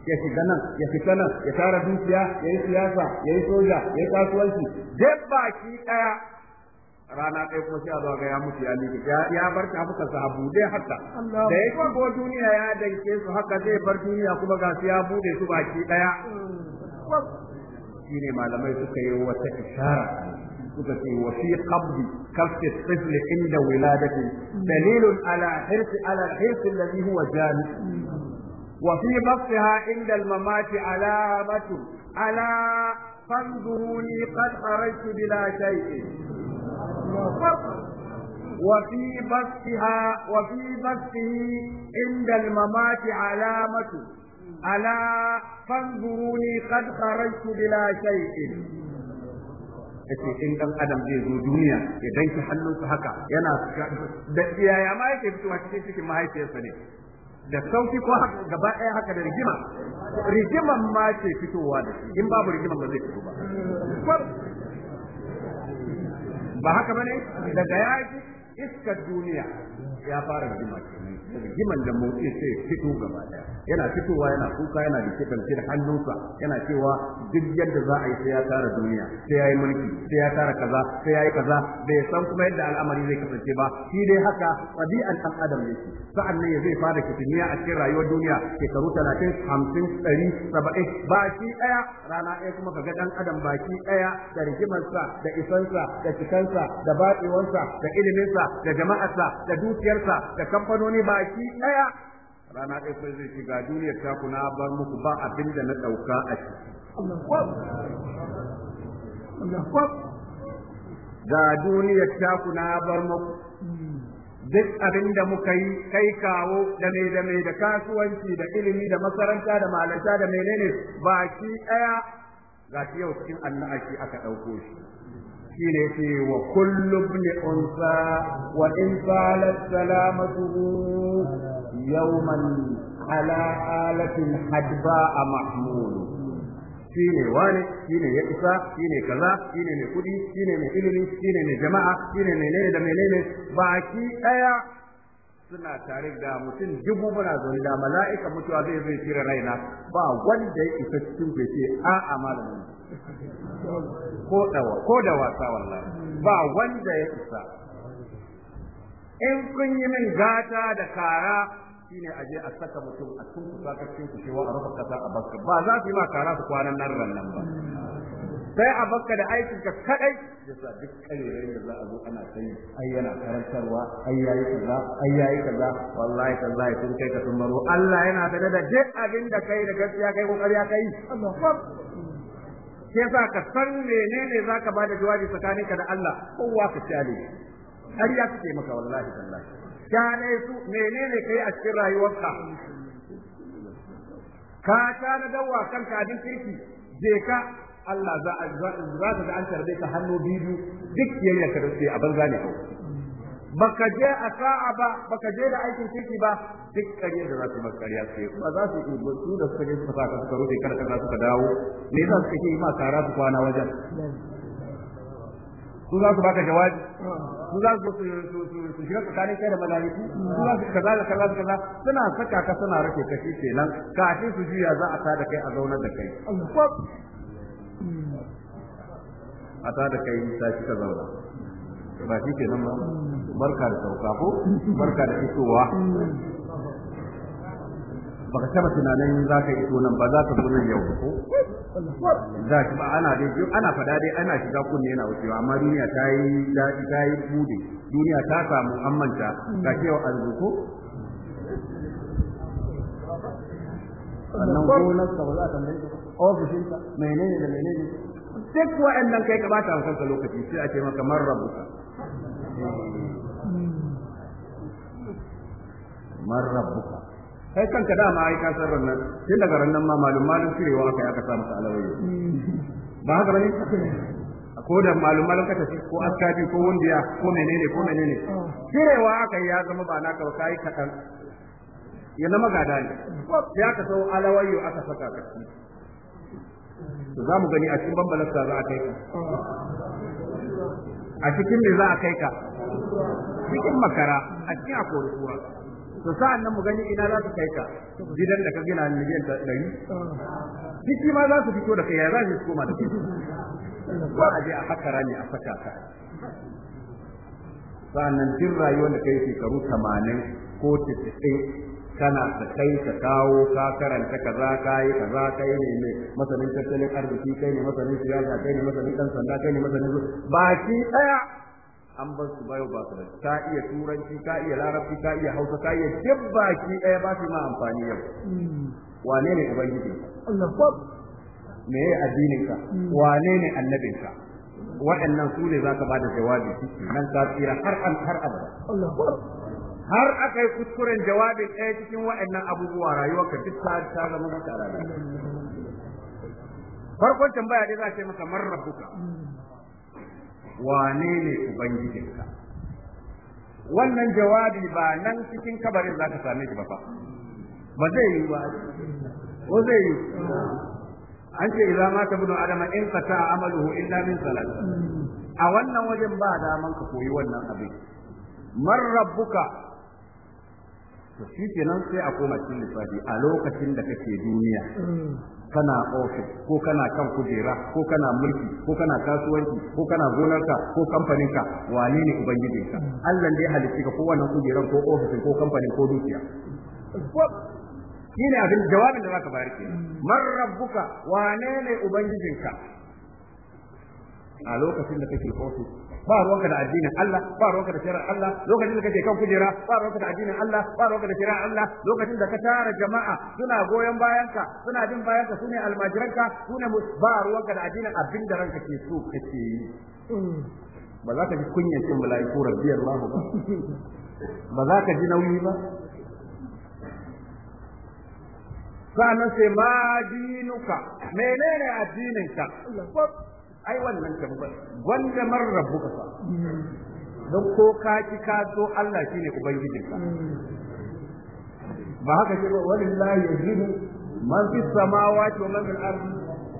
ya shiga nan ya fita nan ya tara dukiya ya yi siyasa ya yi soja ya yi kasuwanci duk baki ɗaya rana ɗaya kuma sai a zo ga ya mutu ya liƙe ya bar ta fuka sa bude haka da ya shigo duniya ya danke su haka zai bar duniya kuma ga su ya bude su baki ɗaya shine malamai suka yi wata ishara suka ce wa fi qabdi kafti tifl inda wiladati dalilun ala hirsi ala hirsi alladhi huwa jani وفي بسطها عند الممات علامة ألا فانظروني قد خرجت بلا شيء وفي بسطها وفي بسطه عند الممات علامة ألا فانظروني قد خرجت بلا شيء yace in dan adam zai zo duniya ya danki hannunsa haka yana da iyaya ma yake fitowa cikin cikin mahaifiyarsa ne da sauki ko gaba ɗaya haka da rigima rigiman ma ce fitowa da in babu rigima ba zai fito ba ba haka bane daga yaki iskar duniya ya fara rigima rigiman da motsi sai fito gaba ɗaya yana fitowa yana kuka yana da kifance da hannunsa yana cewa duk yadda za a yi sai ya tara duniya sai ya yi mulki sai ya tara kaza sai ya yi kaza bai san kuma yadda al'amari zai kasance ba shi dai haka tabi'an ɗan adam yake sa'an nan ya zai fara kitiniya a cikin rayuwar duniya shekaru talatin hamsin ɗari saba'in ba shi ɗaya rana ɗaya kuma kaga dan ɗan adam baki ɗaya da rigimarsa da isansa da cikansa da batsewansa da iliminsa da jama'arsa da dukiyarsa da kamfanoni baki ɗaya rana ɗaya sai zai shiga duniya duniyar ta kuna bar muku ba abin da na ɗauka a shi. ga duniyar ta kuna bar muku duk abin da muka yi kai kawo da mai da mai da kasuwanci da ilimi da makaranta da malanta da menene baki ɗaya ga shi yau cikin annashi aka ɗauko shi shi ne ce wa kullum ne unsa wa in salat salamatu يوما على آلة حدباء محمول shine wane shine ya isa shine kaza shine mai kudi shine mai ilimi shine mai jama'a shine mai menene da menene baki daya suna tare da mutum dubu muna zaune da mala'ika mutuwa zai zai cire raina ba wanda ya isa cikin bai ce a a malamin ko da ko da wasa wallahi ba wanda ya isa in kun yi min gata da kara shine a je a saka mutum a cikin kusa ka cikin kushewa a rufe kasa a baska ba za su yi ma kara su kwanan nan rannan ba sai a baka da aikin ka kadai yasa duk kayyarayin da za a zo ana sai ai yana karantarwa ai yayi kaza ai yayi kaza wallahi kaza ya sun kai ka sun Allah yana da da je abin da kai da gaskiya kai kokari kai ke sa ka san menene zaka bada jawabi tsakaninka da Allah kowa ka tsale har ya kake maka wallahi tallahi kyale su menene kai a cikin rayuwarka ka na dawa kan kadin kirki je ka Allah za ka da an tarbe ka hannu biyu duk yayin ka da sai a banza ne baka je a sa'a ba baka je da aikin kirki ba duk kare da za su makariya kariya su ba za su yi ba su da suka je suka saka suka rufe kada kaza suka dawo me yasa suka ke yi ma kara su kwana wajen su za su baka jawabi su za su su shiga tsakanin kai da malaiku su za su kaza da kaza da kaza suna saka ka suna rake kashi kenan kafin su juya za a tada kai a zauna da kai a tada kai ta ci ka zauna ba shi kenan ba barka da sauka ko barka da fitowa baka taba tunanin za ka iso nan ba za ka zo nan yau ko za ki ba ana dai ana fada dai ana shiga kunne yana wuce amma duniya ta yi daɗi ta yi bude duniya ta samu amanta ga cewa an ko sannan gonarka ba za a tambaye ka ofishinka menene da menene duk wa'annan kai ka bata ka lokaci sai a ce maka man rabbuka hmm. man rabbuka kai kanka dama ai ka san rannan tun daga rannan ma malum malum cirewa aka yi aka sa masa alawai ba haka bane ko da malum malum kata ce ko askabi ko wundiya ko menene ko menene cirewa aka yi ya zama ba na kawai kai kadan ya na magada ne ya ka sau alawayo aka saka ka To za mu gani a cikin sa za a kai ka a cikin me za a kai ka cikin makara a cikin akwai ruwa to sa'an nan mu gani ina za su kai ka gidan da ka gina miliyan ɗari ciki ma za su fito da kai ya za su koma da kai ba a je a haka rami a fata ka sa'an nan jin rayuwar da kai shekaru tamanin ko tisa'in kana da kai ka kawo ka karanta kaza za kaza yi ne mai masanin tattalin arziki kai ne masanin siyasa kai ne masanin ɗan sanda kai ne masanin baki ɗaya. an ban su bayo ba su ka iya turanci ka iya larabci ka iya hausa ka iya duk baki ɗaya ba su ma amfani yau hmm. wane ne ubangiji me ya addinin ka hmm. wane ne annabin ka waɗannan su ne zaka da jawabi nan ka tsira har an har abada har aka yi kuskuren jawabin ɗaya cikin waɗannan abubuwa rayuwarka duk ta zama mata hmm. farkon tambaya dai za ce maka marar buka wane ne ubangijinka wannan jawabi ba nan cikin kabarin zaka same shi ba fa ba zai yi ba ko zai yi an ce idan ma ta bunu adama in ta amaluhu illa min salat a wannan wajen ba daman ka koyi wannan abin man rabbuka to shi kenan sai a koma cikin lissafi a lokacin da kake duniya kana ofis ko kana kan kujera ko kana mulki ko kana kasuwanci ko kana gonarka ko kamfaninka wane ne ubangijinka Allah ne halitta ka ko wannan kujeran ko ofisin ko kamfanin ko dukiya shine abin jawabin da zaka bayar kenan man rabbuka wane ne ubangijinka a lokacin da kake ofis ba ruwanka da addinin Allah ba ruwanka da shari'ar Allah lokacin da kake kan kujera ba ruwanka da addinin Allah ba ruwanka da shari'ar Allah lokacin da ka tara jama'a suna goyon bayanka suna bin bayanka sune almajiranka sune ba ruwanka da addinin abin da ranka ke so kake yi ba za ka ji kunyar cin mala'iku rabbiyar ba ba za ka ji nauyi ba sa'annan sai ma dinuka menene ka? ai wannan tambar gwanda marar buka sa don ko ka ki ka so, Allah shi ne ubangijin ka ba haka ce ba wani lahi ya zini man fi sama wa ci wa mafi arzi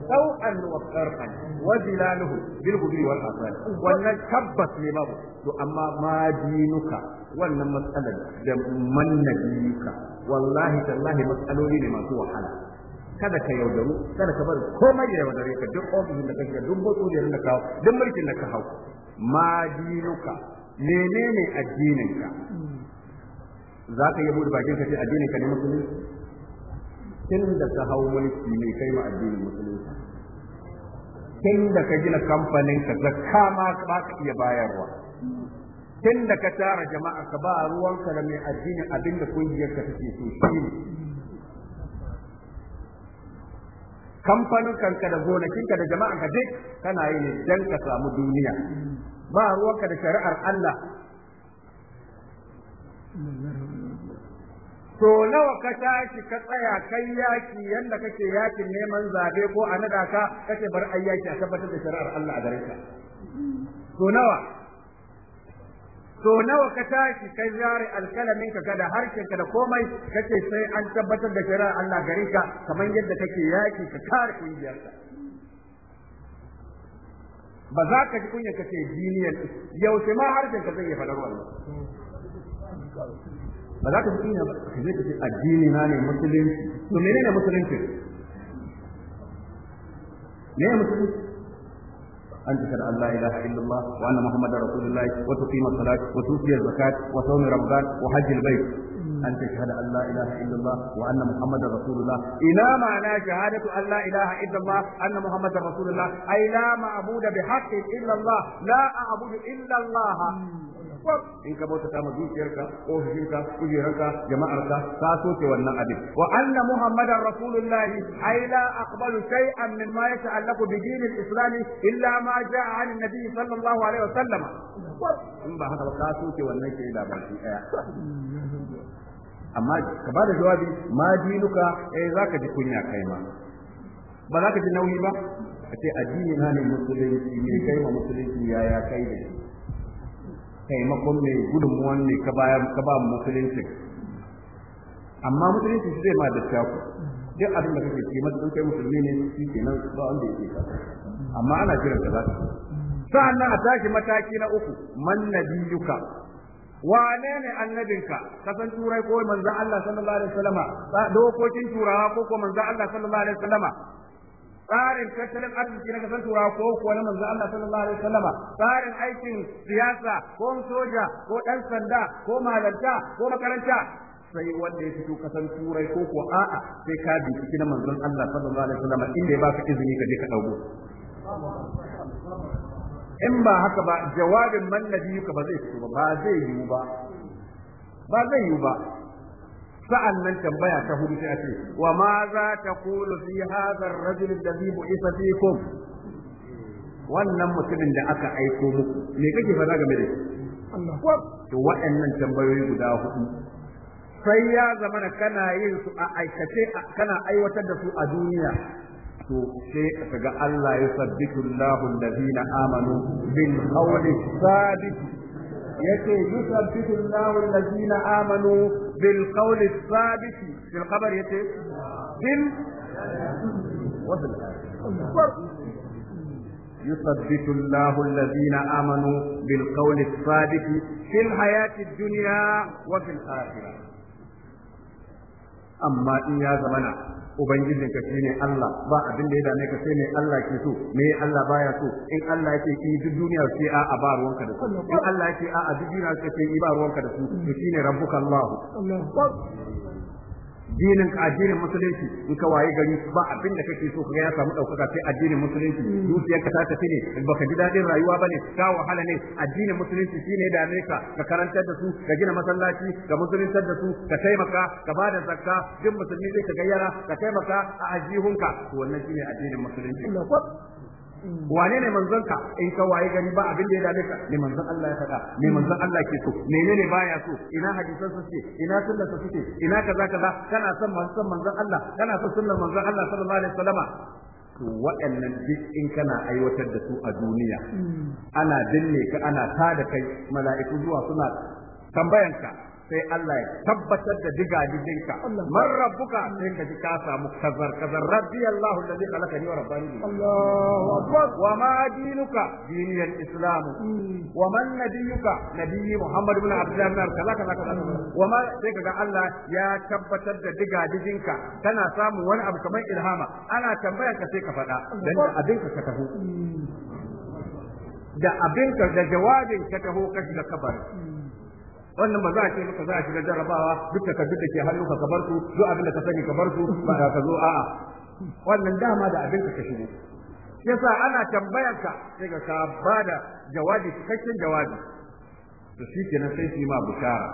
sau an wa karfan wazi lalihu bil gudu wal asali wannan tabbas ne ba to amma ma dinuka wannan matsalar da mannajinka wallahi tallahi matsaloli ne masu wahala kada ka yaudaru kada ka bar komai da yaudare ka duk ofishin da ka da duk botsolin da ka hau duk mulkin da ka hau ma dinuka menene addininka za ka yi bude bakin ka ce addinin ka ne musulunci tun da ka hau mulki ne kai ma addinin musulunci tun da ka gina kamfanin ka zakka ma ba ka iya bayarwa tun da ka tara jama'a ka ba ruwanka da mai addinin abinda kungiyar ka take so shi ne kamfanin kanka da gonakinka da jama'an ka duk kana yi ne dan ka samu duniya ba ruwanka da shari'ar Allah to nawa ka tashi ka tsaya kai yaki yanda kake yakin neman zabe ko a nada ka kace bar ayyaki a tabbatar da shari'ar Allah a gare ka to nawa To nawa ka tashi kai zare alkalamin ka da harshen ka da komai kace sai an tabbatar da shari'ar Allah gare ka kamar yadda kake yaki ka kare kungiyar ka ba za ka ji kunya ka ce yau yaushe ma harshen ka zai faɗar wannan ba za ka ji kunya ba ka je ka ce addini na ne musulunci to menene musulunci ne musulunci أن تشهد أن لا إله إلا الله وأن محمد رسول الله وتقيم الصلاة وتؤتي الزكاة وصوم رمضان وحج البيت أن تشهد أن لا إله إلا الله وأن محمد رسول الله إلى معنى شهادة أن لا إله إلا الله أن محمد رسول الله أي لا معبود بحق إلا الله لا أعبد إلا الله in ka bauta ta zuciyarka, ofishinka kujerarka jama'arka ka soke wannan abin wa anna muhammadar rasulullah ay la aqbalu shay'an min ma yata'allaqu bi dinil islam illa ma ja'a 'an nabi sallallahu alaihi wasallam in ba haka ba ka soke wannan ke da baki daya amma ka bada jawabi ma dinuka eh zaka ji kunya kai ma ba za ka ji nauyi ba ka ce addini na ne musulunci ne kai ma musulunci ya ya kai da shi taimakon mai gudunmuwan ne ka bayan ka ba mu musulunci amma musulunci zai ma da shaku duk abin da kake ce mata kai musulmi ne shi nan ba wanda yake ka amma ana kiran ka za ta sa'annan a tashi mataki na uku man nabiyuka wane ne annabinka kasan turai ko manzon Allah sallallahu alaihi wasallama dokokin turawa ko ko manzon Allah sallallahu alaihi wasallama tsarin tattalin arziki na kasar turawa ko kuwa na manzo Allah sallallahu alaihi wasallama tsarin aikin siyasa ko soja ko dan sanda ko malanta ko makaranta sai wanda ya fito kasan turai ko kuwa a'a sai ka bi na manzon Allah sallallahu alaihi wasallama inda ya ka izini ka je ka dauko in ba haka ba jawabin man ka ba zai fito ba ba zai yi ba ba zai yiwu ba Sa'an nan tambaya ta hudu sai a ce wa ma za ta kulu fi hadha ar-rajul alladhi bu'itha fikum wannan mutumin da aka aiko muku me kake fara game da shi to waɗannan tambayoyi guda hudu sai ya zama da kana yin su a aikace kana aiwatar da su a duniya to sai kaga Allah ya sabbitu da zina amanu bil qawli sabit yake yusabbitu da zina amanu بالقول الثابت في الخبر يتي بال وفي يثبت الله الذين آمنوا بالقول الثابت في الحياة الدنيا وفي الآخرة أما إن يا زمنا ubangijin ka shine Allah ba abin da ya dame ka sai ne Allah ke so me Allah baya so in Allah yake ki eh, duk duniya sai a a ba ruwanka da su in Allah yake a a duk duniya sai ki eh, ba ruwanka da su to shine rabbuka Allah dinin ka addinin musulunci in ka waye gari ba abin da kake so kaga ya samu daukaka sai addinin musulunci dukiyar hmm. ka ta tafi ne baka ji dadin rayuwa ba ne ka wahala ne addinin musulunci shine da ka ka karantar da su ka gina masallaci ka musuluntar da su ka taimaka ka ba da zakka duk musulmi zai ka gayyara ka taimaka a ajihunka to wannan shine addinin musulunci wane ne manzonka in ka waye gari ba abin da ya dame ka ne manzon Allah ya faɗa ne manzon Allah ke so menene ya so ina hadisan sa ce ina sunna sa ce ina kaza kaza kana son manzon manzon Allah kana son sunnar manzon Allah sallallahu alaihi wasallama to waɗannan duk in kana aiwatar da su a duniya hmm. ana danne ka ana tada kai mala'iku zuwa suna tambayanka sai Allah ya tabbatar da diga dijinka man rabbuka sai ka ji ka samu kazar kazar rabbi Allah alladhi khalaqani wa rabbani Allahu akbar wa ma dinuka diniyal islam hmm. wa man nabiyuka nabiyyi Muhammad ibn Abdullah ibn kaza kaza kaza hmm. wa ma sai kaga Allah ya tabbatar da diga dijinka kana samu wani abu kamar ilhama ana tambaya ka sai ka faɗa dan abin ka ka taho hmm. da abin ka da jawabin ka taho ka shiga kabari wannan ba za a ce maka za a shiga jarabawa duk da ke hannu ka kabar su duk abin da ka sani ka su ba ka zo a'a wannan dama da abin ka shigo yasa ana tambayar ka sai ka ba da jawabi cikakken jawabi to shi kenan sai su yi ma bushara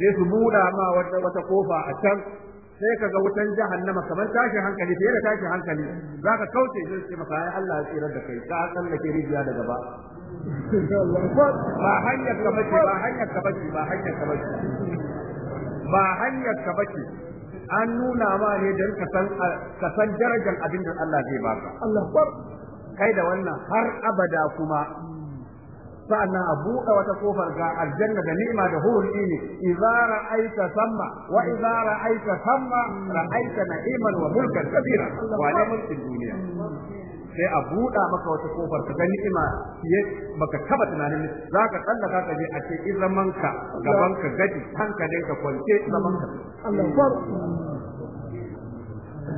sai su buɗa ma wata wata kofa a can sai ka ga wutan jahannama kamar tashin hankali fiye da tashin hankali za ka kauce sai ce maka ai Allah ya tsirar da kai ka tsallake rijiya da gaba ba hanyar ka bace ba hanyar ka bace ba hanyar ka bace ba hanyar ka bace an nuna ma ne don ka san darajar abin da Allah zai baka kai da wannan har abada kuma sa'annan a buɗe wata kofar ga aljanna da ni'ima da hurul ne idza ra'aita samma wa idza ra'aita samma ra'aita na'iman wa mulkan kabira wa ne mulkin duniya sai a buɗa maka wata kofar ka gani ima fiye baka taba tunanin za ka tsallaka ka je a ce in zaman ka gaban ka gadi hankalin ka kwance zaman ka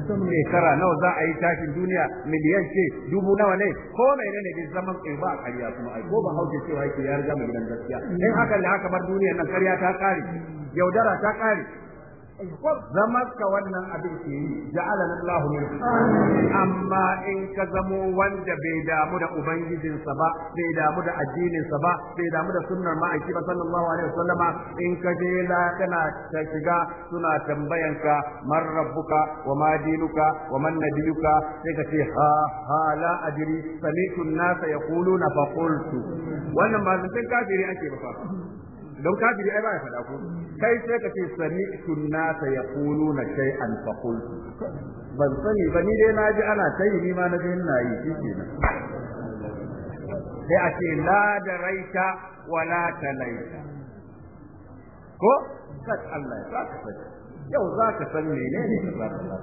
shekara nawa za a yi tashin duniya miliyan ce dubu nawa ne ko mai ne ne zaman kai eh, ba kariya kuma ai ko ba hauke cewa yake ya riga mai gidan gaskiya in haka ne haka bar duniya nan kariya ta kare yaudara ta kare zama ka wannan abin ke yi na Allah min amma in ka zamo wanda bai damu da ubangijinsa ba bai damu da addininsa ba bai damu da sunnar ma'aiki ba sallallahu alaihi wasallama in ka je la kana ta shiga suna tambayanka man rabbuka wa ma dinuka wa man nabiyuka sai ka ce ha ha la adri sami'tu an-nasa yaquluna fa qultu wannan ba zan kafiri ake ba fa don kafiri ai ba ya faɗa ko kai sai ka ce sami ya kulu na fa qultu ban sani ba ni dai naji ana tayi ni ma na ga ina yi nan sai a ce la da raita wa la laita ko kat Allah ya ka sani yau za ka san menene ka saka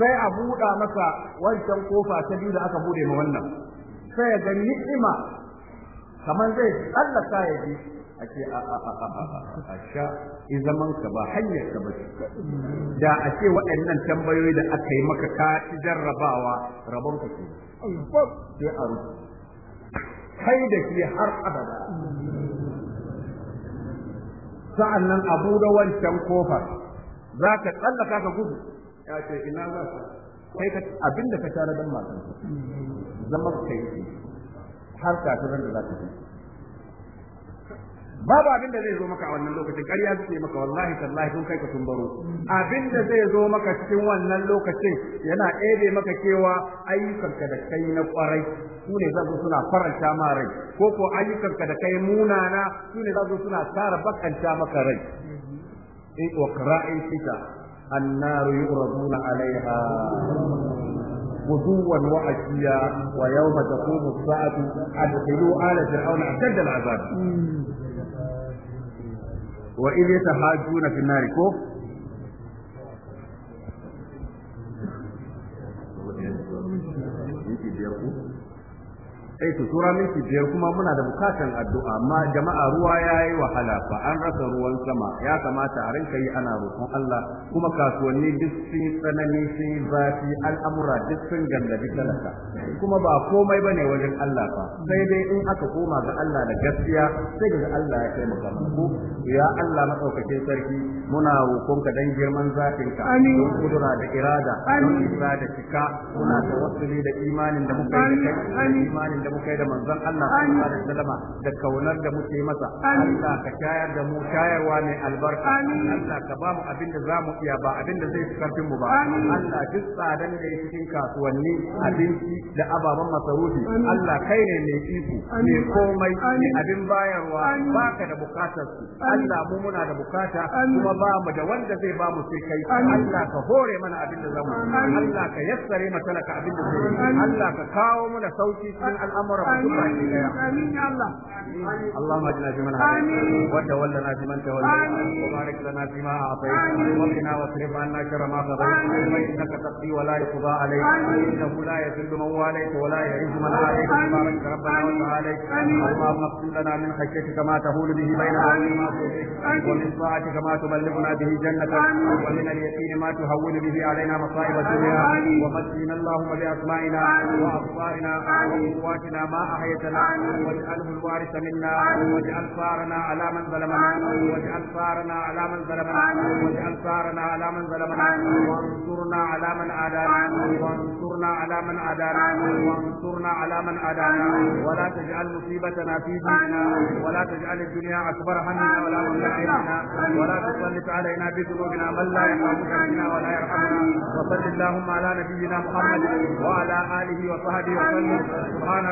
sai a buɗa masa wancan kofa ta biyu da aka buɗe ma wannan sai ya ga ni'ima kamar zai Allah sa ya ji a ce a a a a a sha in zaman ka ba hanyar ka ba da a ce waɗannan tambayoyi da aka yi maka ka ci jarrabawa rabon ka ce sai a rufe kai da ke har abada sa'an nan abu da wancan kofar za ka tsallaka ka gudu ya ce ina za ka kai ka abinda ka tare don Zama zaman kai har kafin da za ka fi. babu abin da zai zo maka a wannan lokacin ƙarya suke maka wallahi tallahi sun kai ka sun baro abin da zai zo maka cikin wannan lokacin yana ɗebe maka cewa ayyukanka da kai na ƙwarai su ne zazu suna faranta ma rai ko ko ayyukanka da kai munana su ne su suna tsara bakanta maka rai in waqra'in fita annar yuraduna alaiha غدوا وعشيا ويوم تقوم الساعة أدخلوا آل فرعون أشد العذاب wa idh ta haju na nar ko yake eh to tura minti biyar kuma muna da bukatan addu'a amma jama'a ruwa yayi wahala fa an rasa ruwan sama ya kamata a rinka yi ana roƙon Allah kuma kasuwanni duk sun tsanani sun yi zafi al'amura duk sun gangabi talaka kuma ba komai ba ne wajen Allah ba, sai dai in aka koma ga Allah da gaskiya sai ga Allah ya kai maka ko ya Allah madaukakin sarki muna roƙon ka dan girman zafin ka don kudura da irada don isa da cika muna tawassuli da imanin da muka yi da imanin da mu kai da manzon Allah sallallahu alaihi wasallam da kaunar da muke masa Allah ka shayar da mu shayarwa mai albarka Allah ka ba mu abin da za mu iya ba abin da zai karfin mu ba Allah duk tsadan da ya cikin kasuwanni abinci da ababen masarufi Allah kai ne mai iko mai komai mai abin bayarwa baka da bukatar su Allah mu muna da bukata kuma ba mu da wanda zai ba mu sai kai Allah ka hore mana abin da za mu Allah ka yassare talaka abin da zai Allah ka kawo mana sauki cikin al'amura mutuwa ne ya amin Allah Allah ma jina fi man hada wa tawalla na fi man tawalla wa barik lana fi ma atay wa qina wa sirf anna shara ma qad wa innaka taqi wa la yuqda alayka inna la yadullu man wa alayka wa la yahdi man hadaka barik rabbana wa ta'alayka allahumma qul lana min khayrika kama tahul bihi bayna ayyi wa min sa'ati kama tuballighuna bihi jannata wa min al-yaqini تنا ما أحيتنا واجعله الوارث منا واجعل ثارنا على من ظلمنا واجعل ثارنا على من ظلمنا واجعل ثارنا على من ظلمنا وانصرنا على من عادانا وانصرنا على من عادانا وانصرنا على من عادانا ولا تجعل مصيبتنا في ديننا ولا تجعل الدنيا أكبر همنا ولا مبلغنا ولا تسلط علينا بذنوبنا من لا يخافك ولا يرحمنا وصل اللهم على نبينا محمد وعلى آله وصحبه وسلم سبحان